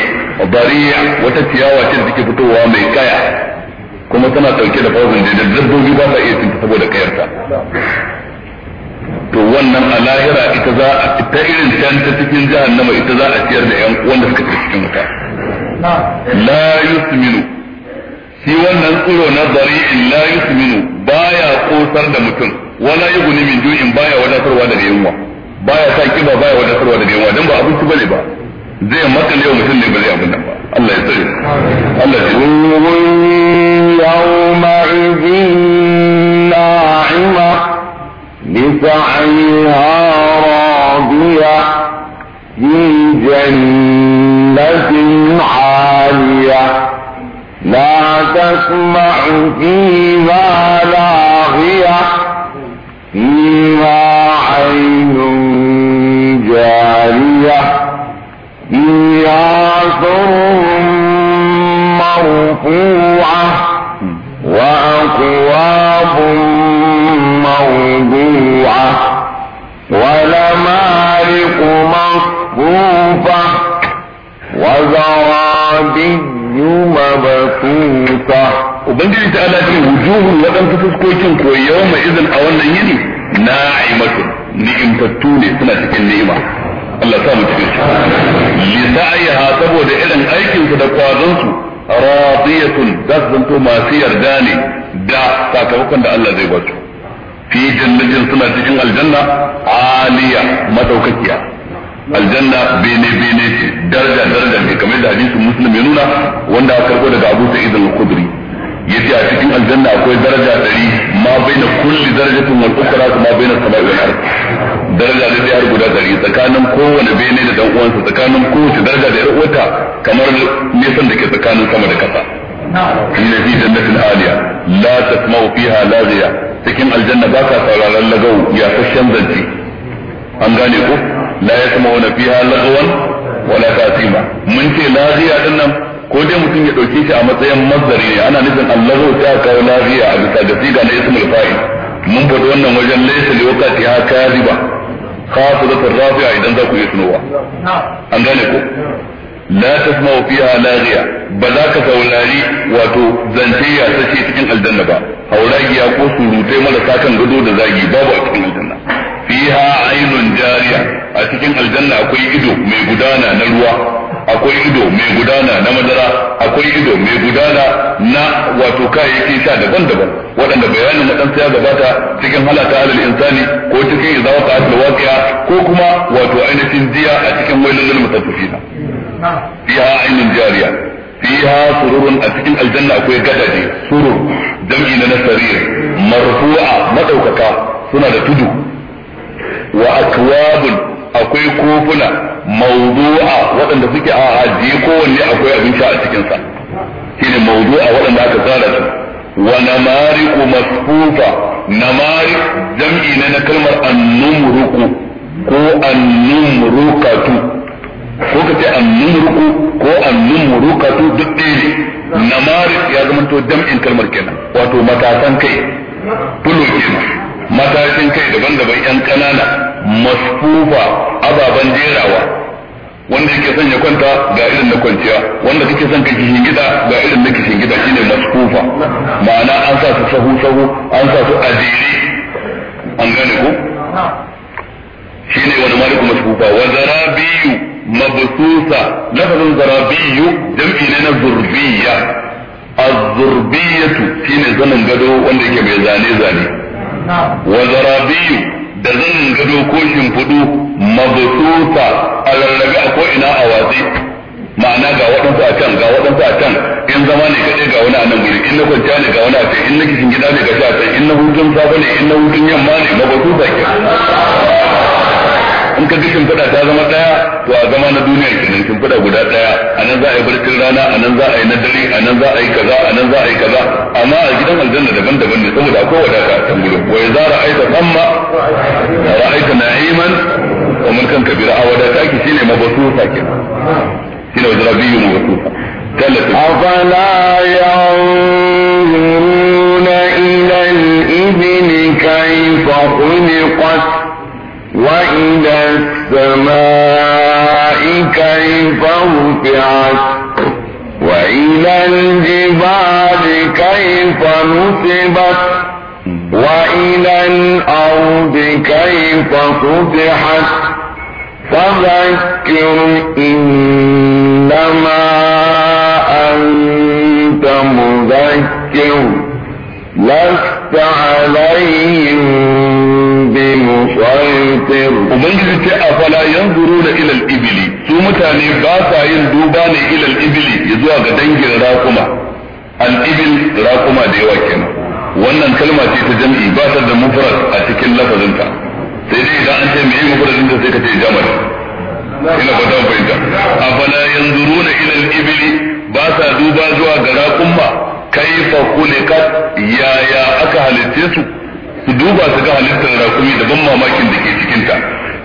bariya wata ciyawa ce da take fitowa mai kaya kuma tana dauke da fawzin da dabbobi ba sa iya cinta saboda kayarta to wannan a lahira ita za a ta irin can ta cikin jahannama ita za a ciyar da yan wanda suka ci cikin wuta la yusminu shi wannan tsiro na bari'in la yusminu baya kosar da mutum wala yughni min ju'in baya wadatarwa daga yunwa baya sa kiba baya wadatarwa da yunwa dan ba abinci bane ba zai makale wa mutum ne ba zai abin nan ba Allah ya tsare Allah ya yawma na'ima لسعيها راضية في جنة عالية لا تسمع فيها لاغية فيها عين عالية فيها سرر مرفوعة وأكواب موضوعة ولمارق مصفوفة وزرابي مبثوثة وبنجي تعالى في وجوه وقم تفسكوكين كو يوم إذن أولا يلي ناعمة نعمة توني سنة النعمة Allah ta mu li sa'iha saboda irin aikin su da kwazon su radiyatun zanto masu yarda ne da sakamakon da Allah zai ba su fi jannatin suna cikin aljanna aliya madaukakiya aljanna bene bene ce daraja daraja ne kamar da hadisin muslim ya nuna wanda aka karbo daga Abu Sa'id al-Khudri yace a cikin aljanna akwai daraja dari ma na kulli darajatin wal ukhra ma baina samai wal ard daraja da har guda dari tsakanin kowane bene da dan uwansa tsakanin kowace daraja da yar uwata kamar nisan da ke tsakanin sama da kasa inna fi jannatin aliya la tasma'u fiha laghiya cikin aljanna ba ka sauraron lagau ya fashen zanci an gane ko la yasma'una fiha lagwan wala ta'sima mun ce laghiya nan. ko dai mutum ya dauke shi a matsayin mazari ne ana nufin Allah zai ta kawo lafiya a bisa ga siga na ismul fa'il mun fada wannan wajen laysa li waqati ha kadiba khafu da rafi'a idan za ku yi sunuwa an gane ko la tasma'u fiha laghiya ba za ka saurari wato zantiya sace cikin aljanna ba haurayi ya ko surutai mala sakan gado da zagi babu a cikin aljanna fiha ainun jariya a cikin aljanna akwai ido mai gudana na ruwa akwai ido mai gudana na madara akwai ido mai gudana na wato kayayyaki sha daban-daban waɗanda bayanin na ɗansa ya gabata cikin halata alal insani ko cikin izawata asal waqi'a ko kuma wato ainihin jiya a cikin wailul na. fiha ainun jariya fiha sururun a cikin aljanna akwai gadaje surur jam'i na nasariya marfu'a madaukaka suna da tudu wa akwabun akwai kofuna mawdu'a waɗanda suke a ajiye kowanne akwai abin sha a cikin sa shine mawdu'a waɗanda aka tsara su wa namariqu masfufa namariq jam'i na kalmar annumruku ko annumrukatu ko kace annumruku ko annumrukatu duk ɗaya ne namariq ya zama to jam'in kalmar kenan wato matasan kai tulo kenan matashin kai daban-daban yan kanana masfufa ababen jerawa wanda yake son ya kwanta ga irin na kwanciya wanda kake son ka kishin gida ga irin na kishin gida shine masfufa ma'ana an sa su sahu sahu an sa su ajiri an gane ko shine wani maliku masfufa wa zarabiyu mabsusa lafazin zarabiyu jam'i ne na zurbiya az-zurbiyatu shine zanin gado wanda yake mai zane zane wa zarabiyu da zan gado ko shimfidu mabututa a rarrabe a ko ina a watsi ma'ana ga waɗansu a can ga waɗansu a can in zama ne kaɗai ga wani a nan guri in na kwanciya ne ga wani a can in na kishin gida ne ga shi a can in na hutun safe ne in na hutun yamma ne mabututa ke in ka gishin fada ta zama daya to a zama na duniya kenan kin fada guda daya anan za a yi barcin rana anan za a yi na dare anan za a yi kaza anan za a yi kaza amma a gidan aljanna daban-daban ne saboda akwai wadata a wai za wa idza ra'aita thamma ra'aita na'iman wa mulkan kabira a wadata ki shine mabasusa kenan shine wazrabiyyun mabasusa أفلا ينظرون إلى الإبل كيف خلقت وإلى السماء كيف رفعت وإلى الجبال كيف نصبت وإلى الأرض كيف سطحت فذكر إنما أنت مذكر لست عليهم مسيطر وبنجد أفلا ينظرون إلى الإبل ثم تاني باسا يندوبان إلى الإبل يزوى قدنج راكما الإبل راكما ديواكنا wannan kalma ce ta jam'i ba ta da mufrad a cikin lafazinta sai dai idan an ce mai mufradin ta sai ka ce jamal ina ba a fahimta yan zuru da ilal ibili ba sa duba zuwa ga rakuma kaifa kulikat yaya aka halitte su ku duba su ga halittar rakumi da ban mamakin da ke cikinta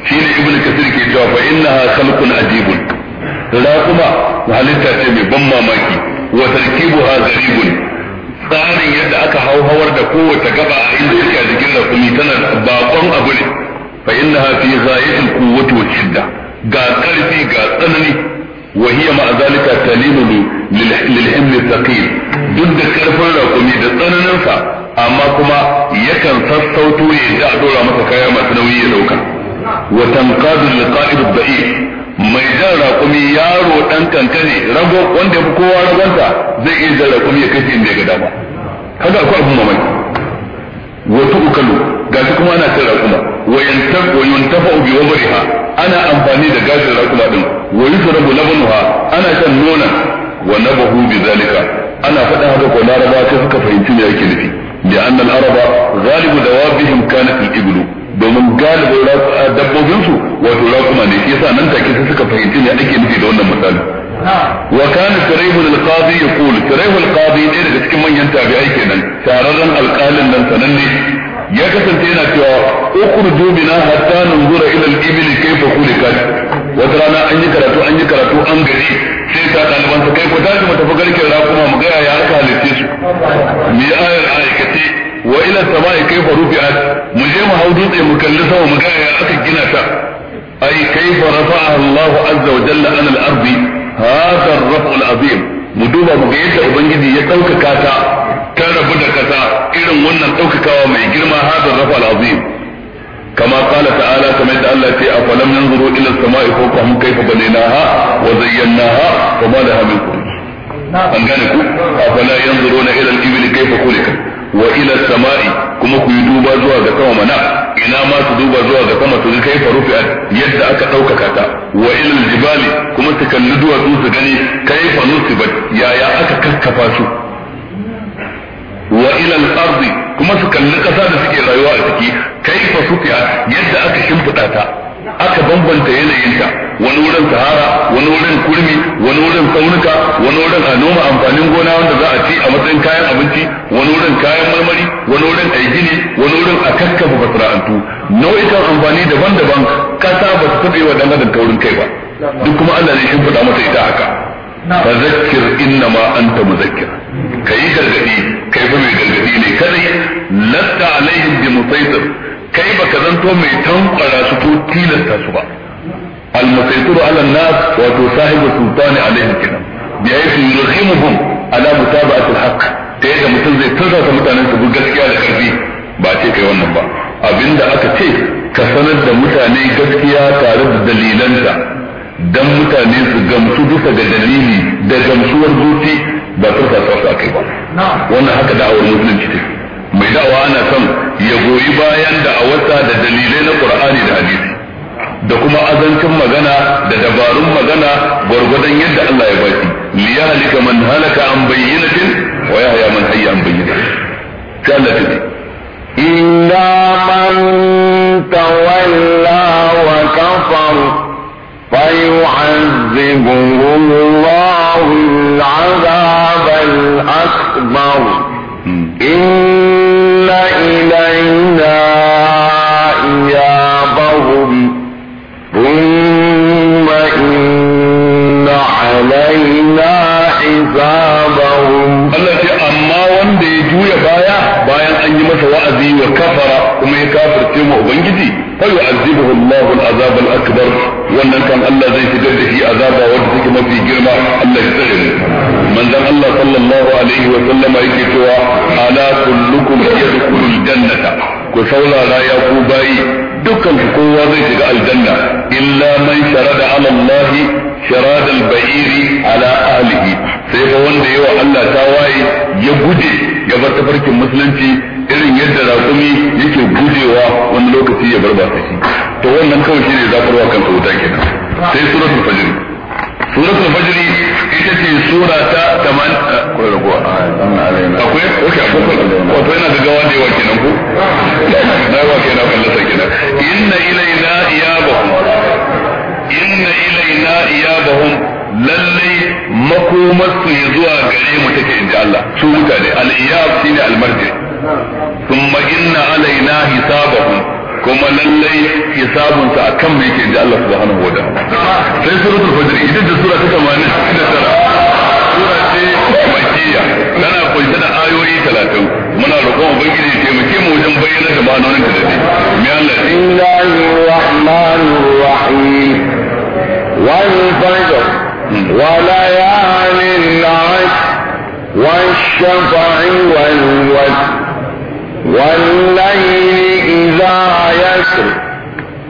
shi ne ibn kasir ke cewa fa innaha khalqun ajibun rakuma halitta ce mai ban mamaki wa tarkibuha gharibun tsarin yadda aka hauhawar da kowace gaba a inda take a jikin rakumi tana bakon abu ne fa innaha fi ghayatil quwwati wa shidda ga karfi ga tsanani وهي talimu ذلك تلين للحمل Duk da karfin راقمي da tsananinsa. amma kuma yakan sassauto ya da a dora masa kaya masu nauyi ya dauka wa tanqadu liqa'id da'if mai jan raƙumi yaro dan kankane rago wanda yafi kowa ragonta zai iya jan raƙumi ya kashe inda ya ga dama kaga akwai abun mamaki wa tu'kalu gashi kuma ana cin raƙuma wa yantaf wa yuntafa'u bi wabariha ana amfani da gashin raƙuma din wa yusrabu labanuha ana shan nonan wa nabahu bi zalika ana faɗin haka ko laraba sai suka fahimci me yake nufi لأن العرب غالب دوابهم كانت الإبل domin galibin ah, dabbobinsu wato raƙuma ne shi yasa nan take sai suka fahimci ne ake nufi da wannan misali wa kana sharayhu al-qadi yaqulu sharayhu ne daga cikin manyan tabi'ai kenan tararran alƙalin nan sananne ya kasance yana cewa ukhruju bina hatta nunzura ila al-ibli kayfa khuliqat wata rana an yi karatu an yi karatu an gari sai ta daliban sa kai ku tashi mu tafi garken raƙuma mu ga yaya aka su a ayar aikace wa ila sama'i kaifa rufi'at mu je mu hau dutse mu kalli sama mu ga ya aka gina ta ai fa rafa'a Allah azza wa jalla an al-ardi hadha rafu al-azim mu duba mu ga yadda ubangiji ya daukaka ta ta rabu da kasa irin wannan daukakawa mai girma hadha ar-raf'u al-azim كما قال تعالى كما يتألى في أفلم ينظروا إلى السماء فوقهم كيف بنيناها وزيناها وما لها من قوة an gane ku afala yanzuruna ila al-ibli kayfa kulika wa ila samai kuma ku yi duba zuwa ga sama mana ina ma su duba zuwa ga sama su kai fa rufi'at yadda aka daukaka ta wa ila al-jibali kuma su kalli duwatsu su gani kayfa nusibat yaya aka kaskafa su wa ila al-ardi kuma su kalli kasa da suke rayuwa a ciki kai fa sufi'at yadda aka shimfida ta aka bambanta yanayinta wani wurin sahara wani wurin kurmi wani wurin saunuka wani wurin a noma amfanin gona wanda za a ci a matsayin kayan abinci wani wurin kayan marmari wani wurin a gini wani wurin a kakkafa masana'antu nau'ikan amfani daban-daban kasa ba su taɓa yi wa dan ta taurin kai ba duk kuma Allah ne shi faɗa mata ita haka inna ma anta muzakkir kai gargadi kai fa mai gargadi ne kai lasta alaihim bi musaitir kai baka zanto mai tankwara su ko tilasta su ba al-musaytiru ala nas wato sahibu sultani alaihim kinan bi ayati yurhimuhum ala mutaba'ati al-haqq ta yadda mutum zai tunzasa mutanen su gaskiya da karfi ba ce kai wannan ba abinda aka ce ka sanar da mutane gaskiya tare da dalilanta dan mutane su gamsu bisa ga dalili da gamsuwar zuci ba tursa su akai ba wannan haka da'awar musulunci take mai da'awa ana son ya goyi bayan da da'awarsa da dalilai na qur'ani da hadisi da kuma azancin magana da dabarun magana gwargwadon yadda Allah ya baki li yahlika man halaka an bayyinatin wa yahya man hayya an bayyinatin sai Allah ta illa man tawalla wa kafar فيعذبه الله العذاب الأكبر إن إلينا إيابهم ثم إن علينا حسابهم masa wa'azi wa kafara kuma ya kafirce mu ubangiji fa yu'azibuhu Allahu al-azab al-akbar wannan kan Allah zai fitar da shi azaba wanda take mafi girma Allah ya tsare mu manzon Allah sallallahu alaihi wa sallama yake cewa ala kullukum yadkhulul jannata ku saurara ya ku bayi dukkan kowa zai shiga aljanna illa man sharada ala Allah sharada al-ba'iri ala ahlihi sai fa wanda yawa Allah ta waye ya guje ya bar tafarkin musulunci irin yadda raƙumi yake gujewa wani lokaci ya barba shi to wannan kawai shine zakarwa kan sauta kenan sai suratul fajr suratul fajr ita ce sura ta taman eh, akwai ragowa akwai okay akwai wato yana da gawa da yawa kenan ko da yawa kenan inna ilaina iyabahum inna ilaina iyabahum lalle ya zuwa gare mu take inda Allah su mutane al-iyab shine al-marji thumma inna alaina hisabahum kuma lallai hisabun sa akan mu yake inda Allah sai suratul idan sura ta tarbiyya tana kunshe da ayoyi talatin muna roƙon ubangiji ya taimake mu wajen bayyana da ma'anonin ta dade mai Allah Bismillahir Rahmanir Rahim wal fajr wa layalin ashr والشفع والوتر والليل إذا يسر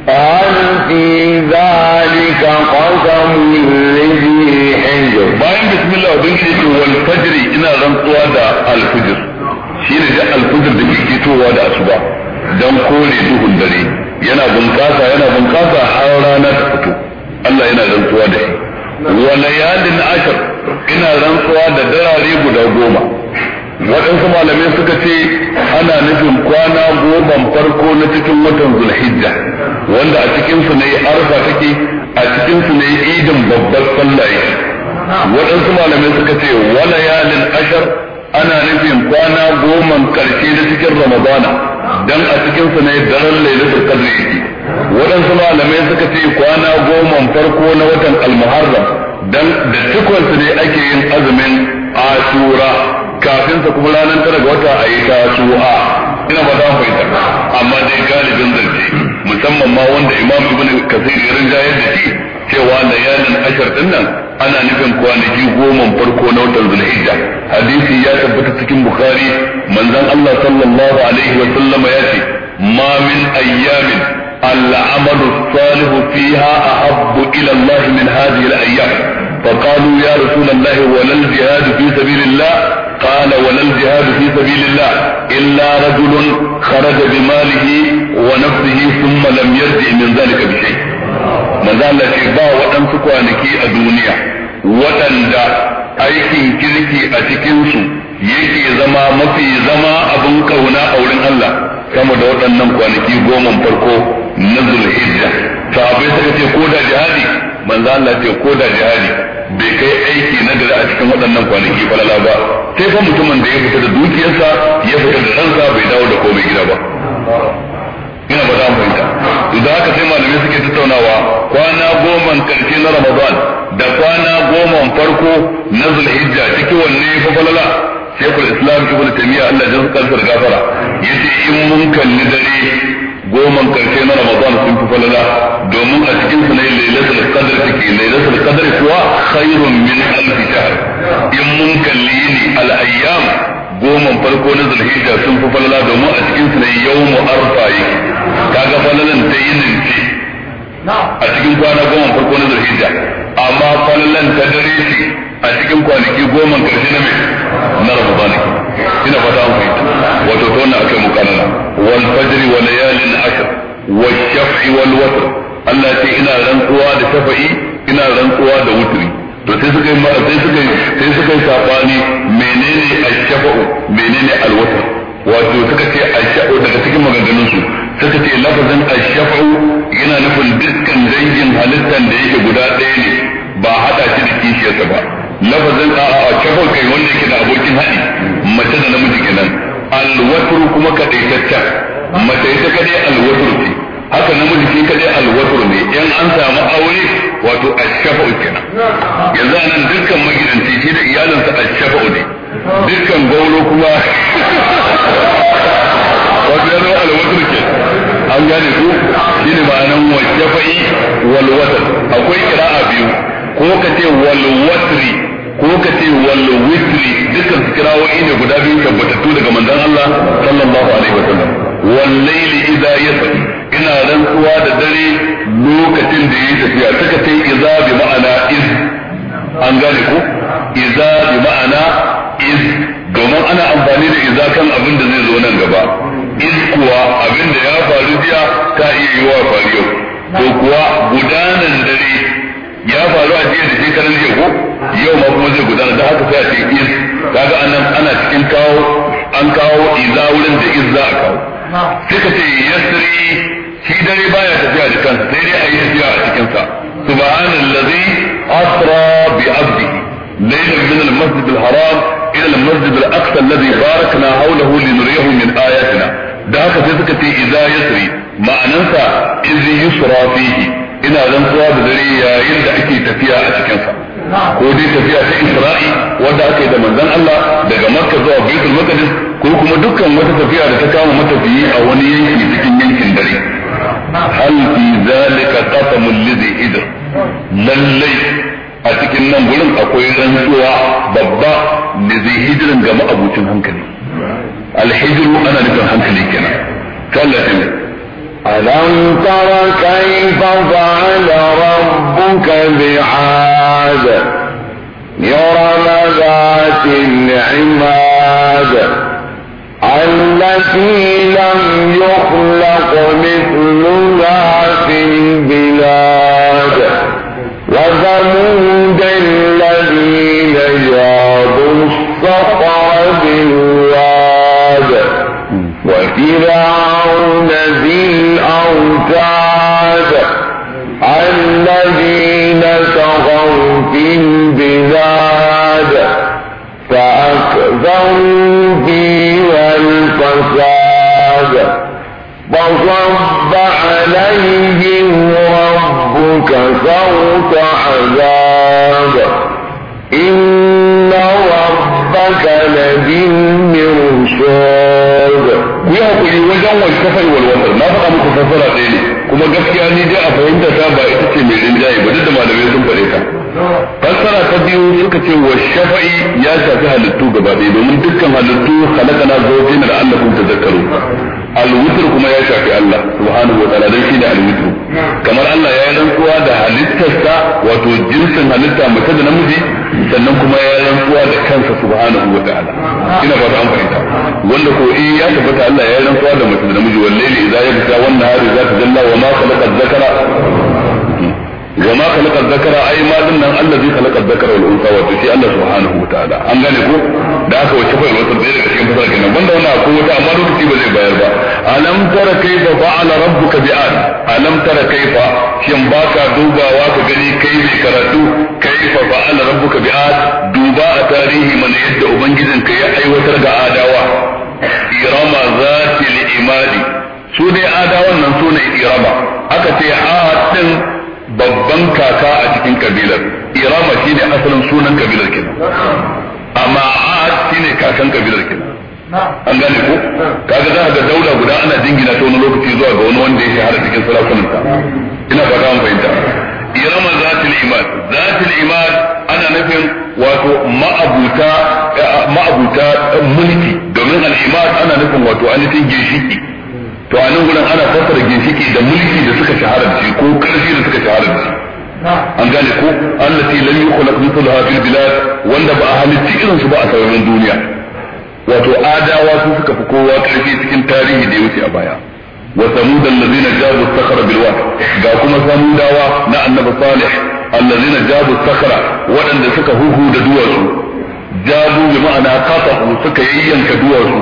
هل في ذلك قسم bayan bismillah abin shi yake wal fajri ina rantsuwa da alfujir shi ne da alfijir da ke fitowa da asuba don kore duhun dare yana bunƙasa yana bunƙasa har rana ta fito Allah yana rantsuwa da shi wa layalin ashar ina rantsuwa da darare guda goma waɗansu malamai suka ce ana nufin kwana goban farko na cikin watan zulhijja wanda a cikinsu ne arfa take a cikinsu ne idin babbar sallah waɗansu malamai suka ce wala yalin ashar ana nufin kwana goma karshe na cikin ramadana dan a cikin su ne daren lailatul qadr yake waɗansu malamai suka ce kwana goma farko na watan almuharram dan da cikon su ne ake yin azumin asura kafin sa kuma ranar tara ga wata a yi su'a ina ba za mu fahimta amma dai galibin zance musamman ma wanda imam ibn kasir ya rinja yadda shi cewa layalin ashar din nan ana nufin kwanaki goma farko na watan zulhijja hadisi ya tabbata cikin bukhari manzon Allah sallallahu alaihi wa sallama ya ce ma min ayyamin العمل الصالح فيها أحب إلى الله من هذه الأيام فقالوا يا رسول الله ولا الجهاد في سبيل الله قال ولا الجهاد في سبيل الله إلا رجل خرج بماله ونفسه ثم لم يرجع من ذلك بشيء manzo Allah ce ba waɗansu kwanaki a duniya waɗanda aikin kirki a cikinsu yake zama mafi zama abin kauna a wurin Allah sama da waɗannan kwanaki goma farko na zulhijja sahabai sai ce ko da jihadi manzo Allah ce ko da jihadi bai kai aiki na gari a cikin waɗannan kwanaki falala ba sai fa mutumin da ya fita da dukiyarsa ya fita da ransa bai dawo da komai gida ba ina ba za mu ta idan aka sai malamai suke tattaunawa kwana goma karshe na ramadan da kwana goma farko na zulhijja cikin wanne ya falala shekul islam wani tamiya Allah ya zuka sa gafara yace in mun kalli dare goman karshe na ramadan sun fi falala domin a cikin su ne lailatul qadr take lailatul qadr kuwa khairun min alf in mun yini al-ayyam goman farko na zulhijja sun fi falala domin a cikin su ne yawmu arfa yake kaga falalan ta yinin ce a cikin kwana goma farko na zulhijja amma falalan ta dare ce a cikin kwanaki goma karshe na mai na ramadan ina fata an fahimta wato ta wannan akai mukanana wal fajr wa layalin ashr wa shaf'i wal watr Allah ya ce ina rantsuwa da shafa'i ina rantsuwa da wuturi. to sai suka yi sai suka yi sai suka yi sabani menene ashfa'u menene alwata wato suka ce ashfa'u daga cikin maganganun su suka ce lafazin ashfa'u yana nufin dukkan dangin halittar da yake guda ɗaya ne ba hada shi da kishiyarsa ba lafazin a a shafa'u kai wanda yake da abokin haɗi mace da namiji kenan alwatur kuma kadaitaccen mace ita kadai alwatur ce haka namiji shi kadai alwatur ne in an samu aure wato ashafa'u kenan yanzu anan dukkan magidanci shi da iyalinsa ashafa'u ne dukkan gauro kuma wato ya zama alwatur ke an gane ku shi ne ma'anan wa shafa'i wal akwai kira'a biyu ko ka ce ko ka ce dukkan su kirawoyi ne guda biyu tabbatattu daga manzon Allah sallallahu alaihi wasallam wal layli idza yasri ina rantsuwa da dare lokacin da yi tafiya suka ce iza bi ma'ana iz an gane ku, iza bi ma'ana iz domin ana amfani da iza kan abin da zai zo nan gaba iz kuwa abin da ya faru jiya ta iya yi wa faru yau to kuwa gudanan dare ya faru a jiya da shekaran jiya ko yau ma kuma zai gudana da haka sai a ce iz kaga anan ana cikin kawo an kawo iza wurin da iz za a kawo suka ce yasri shi dare baya tafiya da kansa sai dai a yi tafiya a cikin sa subhanallazi asra bi abdihi laylan min al-masjid al-haram ila al-masjid al-aqsa alladhi barakna hawlahu linuriyahu min ayatina da haka sai suka ce idza yasri ma'anansa idza yusra fihi ina rantsuwa da dare yayin da ake tafiya a cikin sa ko dai tafiya ta Isra'i wanda aka yi da manzon Allah daga Makka zuwa Baitul Maqdis ko kuma dukkan wata tafiya da ta kama matafiyi a wani yanki cikin yankin dare هل في ذلك قسم الذي إذا للي أتكلم نم أقول أن سوى بابا الذي هجر جمع أبو تنهم الحجر أنا اللي لتنهم كلي كنا قال ألم تر كيف فعل ربك بعاد يرى ذات العماد التي لم يخلق مثلها في البلاد وثمود الذين جابوا الصخر بالواد وفرعون ذي الأوتاد فصب عليهم ربك سوط عذاب إن ربك لبالمرصاد ya hakuri wajen walkafai walwatar na faɗa muku fassara ɗaya ne kuma gaskiya ni dai a fahimta ta ba ita ce mai rinjaye ba duk da malamai sun faɗe ta ta biyu suka ce wa shafa'i ya shafi halittu gaba ɗaya domin dukkan halittu halakana zaujin da Allah kun tazakkaru alwitr kuma ya shafi Allah subhanahu wa ta'ala dan shi ne alwitr kamar Allah ya yi rantsuwa da halittarsa wato jinsin halitta mace da namiji sannan kuma ya yi rantsuwa da kansa subhanahu wa ta'ala ina ba ta an fahimta wanda ko in ya tabbata Allah ya yi rantsuwa da mace da namiji wallahi idza fita wannan hari za ta jalla wa ma khalaqa dhakara wa ma khalaqa dhakara ai ma nan allazi khalaqa dhakara wal unsa wa tuti Allah subhanahu wa ta'ala an gane ko da aka wace fa wata da daga cikin fasara kenan banda wannan akwai wata amma lokaci ba zai bayar ba alam tara kayfa fa'ala rabbuka bi ad alam tara kayfa shin baka dubawa ka gani kai mai karatu kayfa fa'ala rabbuka bi ad duba a tarihi mana yadda ubangijinka ya aiwatar ga adawa irama zati al imadi su adawan nan su ne irama aka ce a din babban kaka a cikin kabilar irama shi ne asalin sunan kabilar kenan amma a'ad ne kakan kabilar kenan an gane ko kaga za ga daula guda ana jingina ta wani lokaci zuwa ga wani wanda ya har cikin sarakunan ta ina fata an fahimta irama zatul imad zatul imad ana nufin wato ma'abuta eh, ma'abuta mulki domin al-imad ana nufin wato ainihin ginshiki to a nan gudan ana fassara ginshiki da mulki da suka shahara da shi ko karfi da suka shahara da shi an gane ko Allah ta lam yukhlaq mithluha fil bilad wanda ba a halitta irin su ba a sararin duniya wato adawa su suka fi kowa karfi cikin tarihi da ya wuce a baya wa samud allazina jabu sakhara bil wad ga kuma samudawa na annabi salih allazina jabu sakhara waɗanda suka huhu da duwatsu jabu bi ma'ana qatahu suka yayyanka duwatsu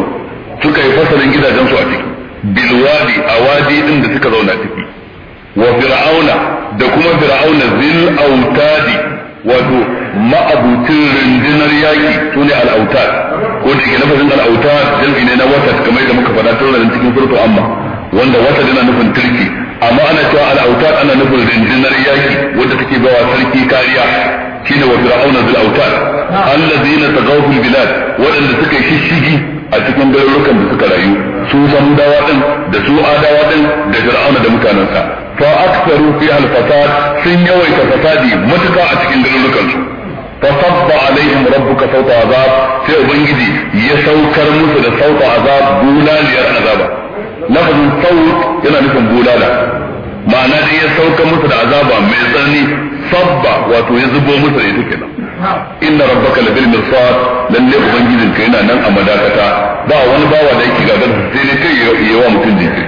suka yi fasalin gidajensu a ciki bilwadi a wadi din da suka zauna ciki wa fir'auna da kuma fir'auna zil autadi wato ma'abutin rundunar yaki su ne al'autar ko da ke al'autar jam'i ne na wata kamar da muka faɗa tunanin cikin furto amma wanda wata yana nufin turki amma ana cewa al'autar ana nufin rundunar yaki wanda take bawa sarki kariya shine wa fir'auna zil autar allazina tagaw bilad wadanda suka shishigi a cikin garurukan da suka rayu su dawa din da su adawa din da fir'auna da mutanensa fa aktsaru fi al-fasad sun yawaita fasadi matuka a cikin garurukan su fa rabbu alaihim rabbuka sauta azab sai ubangiji ya saukar musu da sauta azab bulaliyar azaba lafazin saut yana nufin bulala ma'ana dai ya sauka musu da azaba mai tsanani sabba wato ya zubo musu da ita kenan inna rabbaka bil mirsad lalle ubangijin ka yana nan a madakata ba wani bawa da yake gagar sai ne kai wa mutum jiki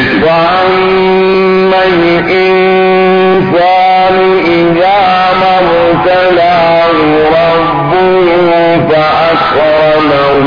وأما الإنسان إذا ما ابتلاه ربه فأكرمه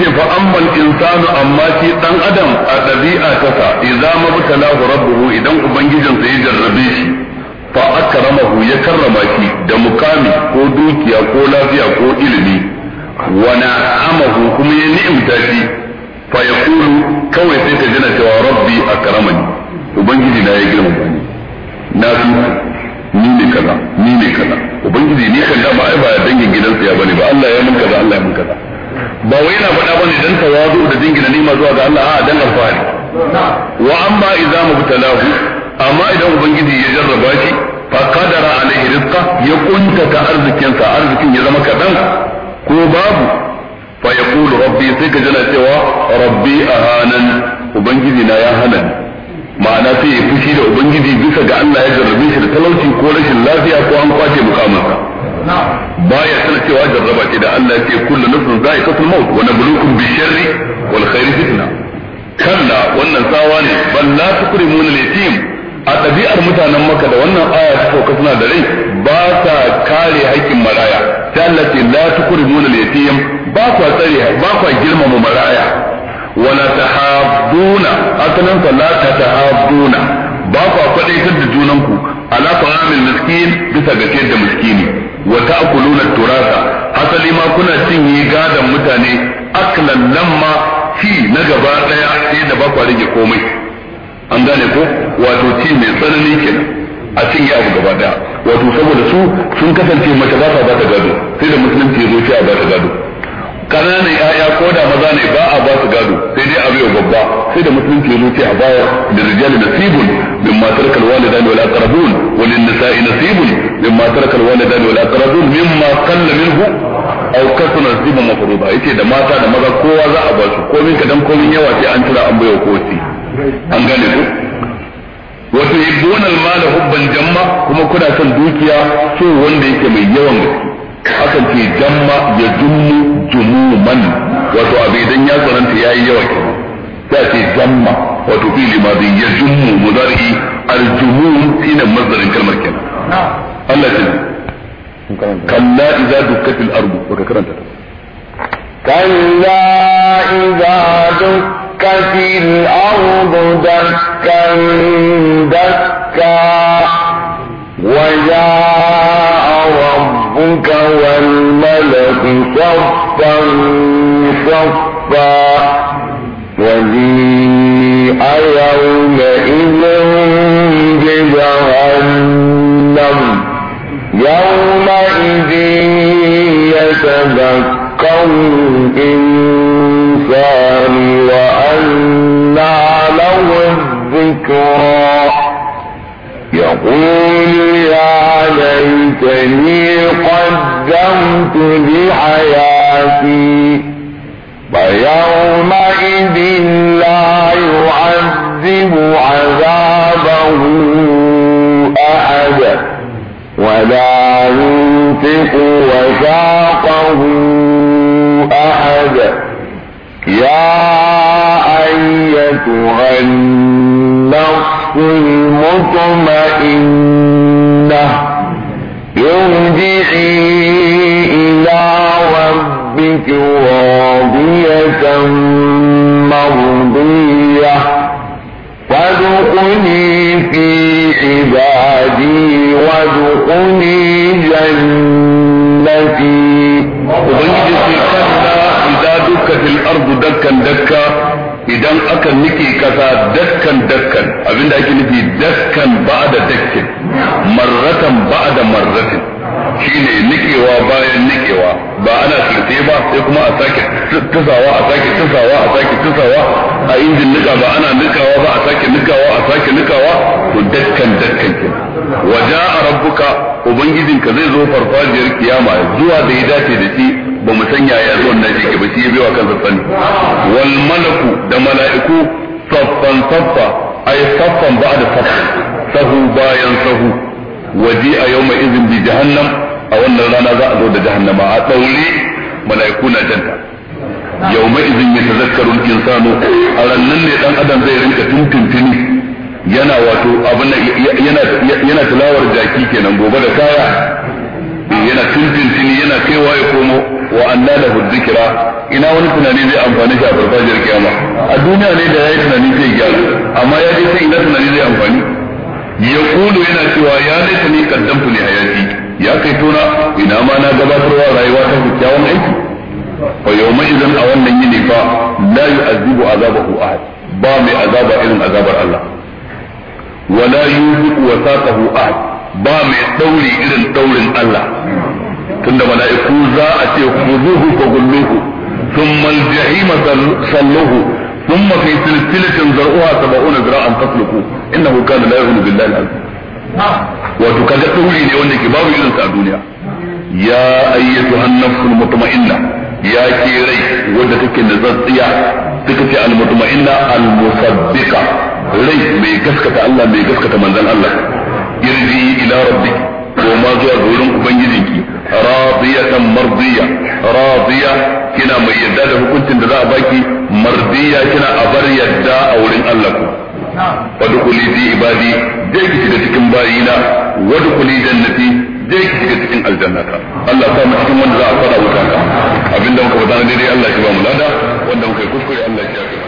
ce fa ammal insanu amma shi dan adam a dabi'a ta sa idza mabtalahu rabbuhu idan ubangijinsa ya jarrabe shi fa akramahu ya karrama shi da mukami ko dukiya ko lafiya ko ilimi wa na'amahu kuma ya ni'imta shi fa yaqulu kawai sai ka jina cewa rabbi akramani ubangiji na ya girmama ni na fi ni ne kaza ni ne kaza ubangiji ni kan da ba ai ba dangin gidansa ya bane ba Allah ya mun kaza Allah ya mun kaza ba wai yana faɗa bane dan tawazu da jingina nima zuwa ga Allah a dan alfahari wa amma idza mubtalahu amma idan ubangiji ya jarraba shi fa qadara alaihi rizqa ya kunta ta arzikin arzikin ya zama kadan ko babu fa yaqulu rabbi sai ka jana cewa rabbi ahanan ubangiji na ya hana ma'ana sai ya fushi da ubangiji bisa ga Allah ya jarrabe shi da talauci ko rashin lafiya ko an kwace mukamansa baya sanar cewa jarraba ce da Allah ce kullu nafsin za'iqatul maut wa nabluukum bisharri wal khairi fitna kalla wannan tsawa ne ban la tukrimuna al-yatim a ɗabi'ar mutanen maka da wannan aya ta sauka suna da rai ba sa kare haƙƙin maraya ta Allah ce la tukrimuna al-yatim ba kwa tsare ba kwa girmama maraya wala tahabuna asalin la tahabuna ba ku kwadaitar da junanku ala ta'amil miskin bisa ga da miskini wa ta'kuluna turasa asali ma kuna cinye gadan mutane aklan lamma fi na gaba daya sai da ba ku rage komai an gane ko wato ci mai tsanani kenan a cinye abu gaba daya wato saboda su sun kasance mace ba ta ba ta gado sai da musulunci ya zo a ba ta gado kananan ya'ya ko da maza ne ba a ba su gado sai dai a biyo babba sai da musulunci ya zuce a baya da rijal nasibun min ma tarakal walidan wal aqrabun wal nisa'i nasibun min ma tarakal walidan wal aqrabun mimma qalla minhu aw kasana nasibun mafruḍa yake da mata da maza kowa za a ba su min kadan min yawa sai an tura an bayo koci an gane ku wato yibuna al mala hubban jamma kuma kuna son dukiya so wanda yake mai yawan gaske akan ce damma ya dummu jumuman wato abu idan ya tsananta yayi yawa ta ce damma wato fili madin ya jummu mudari al-jumum shine mazdarin kalmar kenan Allah ta kalla idza dukkatil ardu baka karanta kalla idza dukkatil ardu dakkan dakka wa ربك والملك صفا صفا وجيء يومئذ بجهنم يومئذ يتذكر الإنسان وأنى له الذكرى يقول يا ليتني قدمت لحياتي فيومئذ لا يعذب عذابه أحد ولا ينطق وثاقه أحد يا أيتها النفس المطمئنة ارجعي إلى ربك راضية مرضية فادخلي في عبادي وادخلي جنتي وبنجد في الكلمة إذا دكت الأرض دكا دكا idan aka nike kasa dakkan dakkan abinda ake nufi dakkan da dakkin marratan da marratin shine nikewa bayan nikewa ba ana tsirte ba sai kuma a sake tusawa a sake tusawa a sake tusawa a injin nika ba ana nikawa ba a sake nikawa a sake nikawa to dakkan dakkan kin waja a rabbuka ubangijinka zai zo farfajiyar kiyama zuwa da ya dace da shi ba mu san yaya zuwan nan yake ba shi ya biwa kansa sani wal malaku da mala'iku saffan saffa ay saffan ba'da saff sahu bayan sahu waji a yawma izin bi jahannam a wannan rana za a zo da jahannama a daure mala'iku na janta yauma izin ya tazakkaru insanu a rannan ne dan adam zai rinka tuntuntuni yana wato abin yana yana tilawar jaki kenan gobe da kaya eh, yana tuntuntuni yana kaiwa ya komo wa anna lahu dhikra ina wani tunani zai amfani shi a farfajiyar kiyama a duniya ne da yayi tunani zai gyara amma ya je sai ina tunani zai amfani Ya kudu yana cewa ya ni kaddamtu ne hayati ya kai tona ina ma na gabatarwa rayuwa ta kyakkyawan aiki fa yawma idan a wannan yini fa la yu'azibu azabahu ahad ba mai azaba irin azabar Allah wa wala yuziku wasaqahu ahad ba mai dauri irin daurin Allah tunda mala'iku za a ce khuzuhu fa gulluhu thumma al-jahima salluhu ثم في سلسلة ذرعها سبعون ذراعا فاسلكوه إنه كان لا يؤمن al العظيم wato kaga dauri ne wanda ke babu irin a duniya ya ayyatuhan nafsul mutma'inna ya ke rai wanda take nazatsiya take ce al mutma'inna al musaddiqa rai mai gaskata Allah mai gaskata manzon Allah irji ila rabbik koma zuwa ga wurin ubangijinki radiyatan mardiya radiya kina mai yadda da hukuncin da za a baki mardiya kina a bar yadda a wurin Allah ku fadkhuli fi ibadi zai ki shiga cikin bayina wadkhuli jannati zai ki shiga cikin aljannata Allah ta mu cikin wanda za a fara wuta abinda muka ne daidai Allah ya ba mu lada wanda muka kuskure Allah ya ya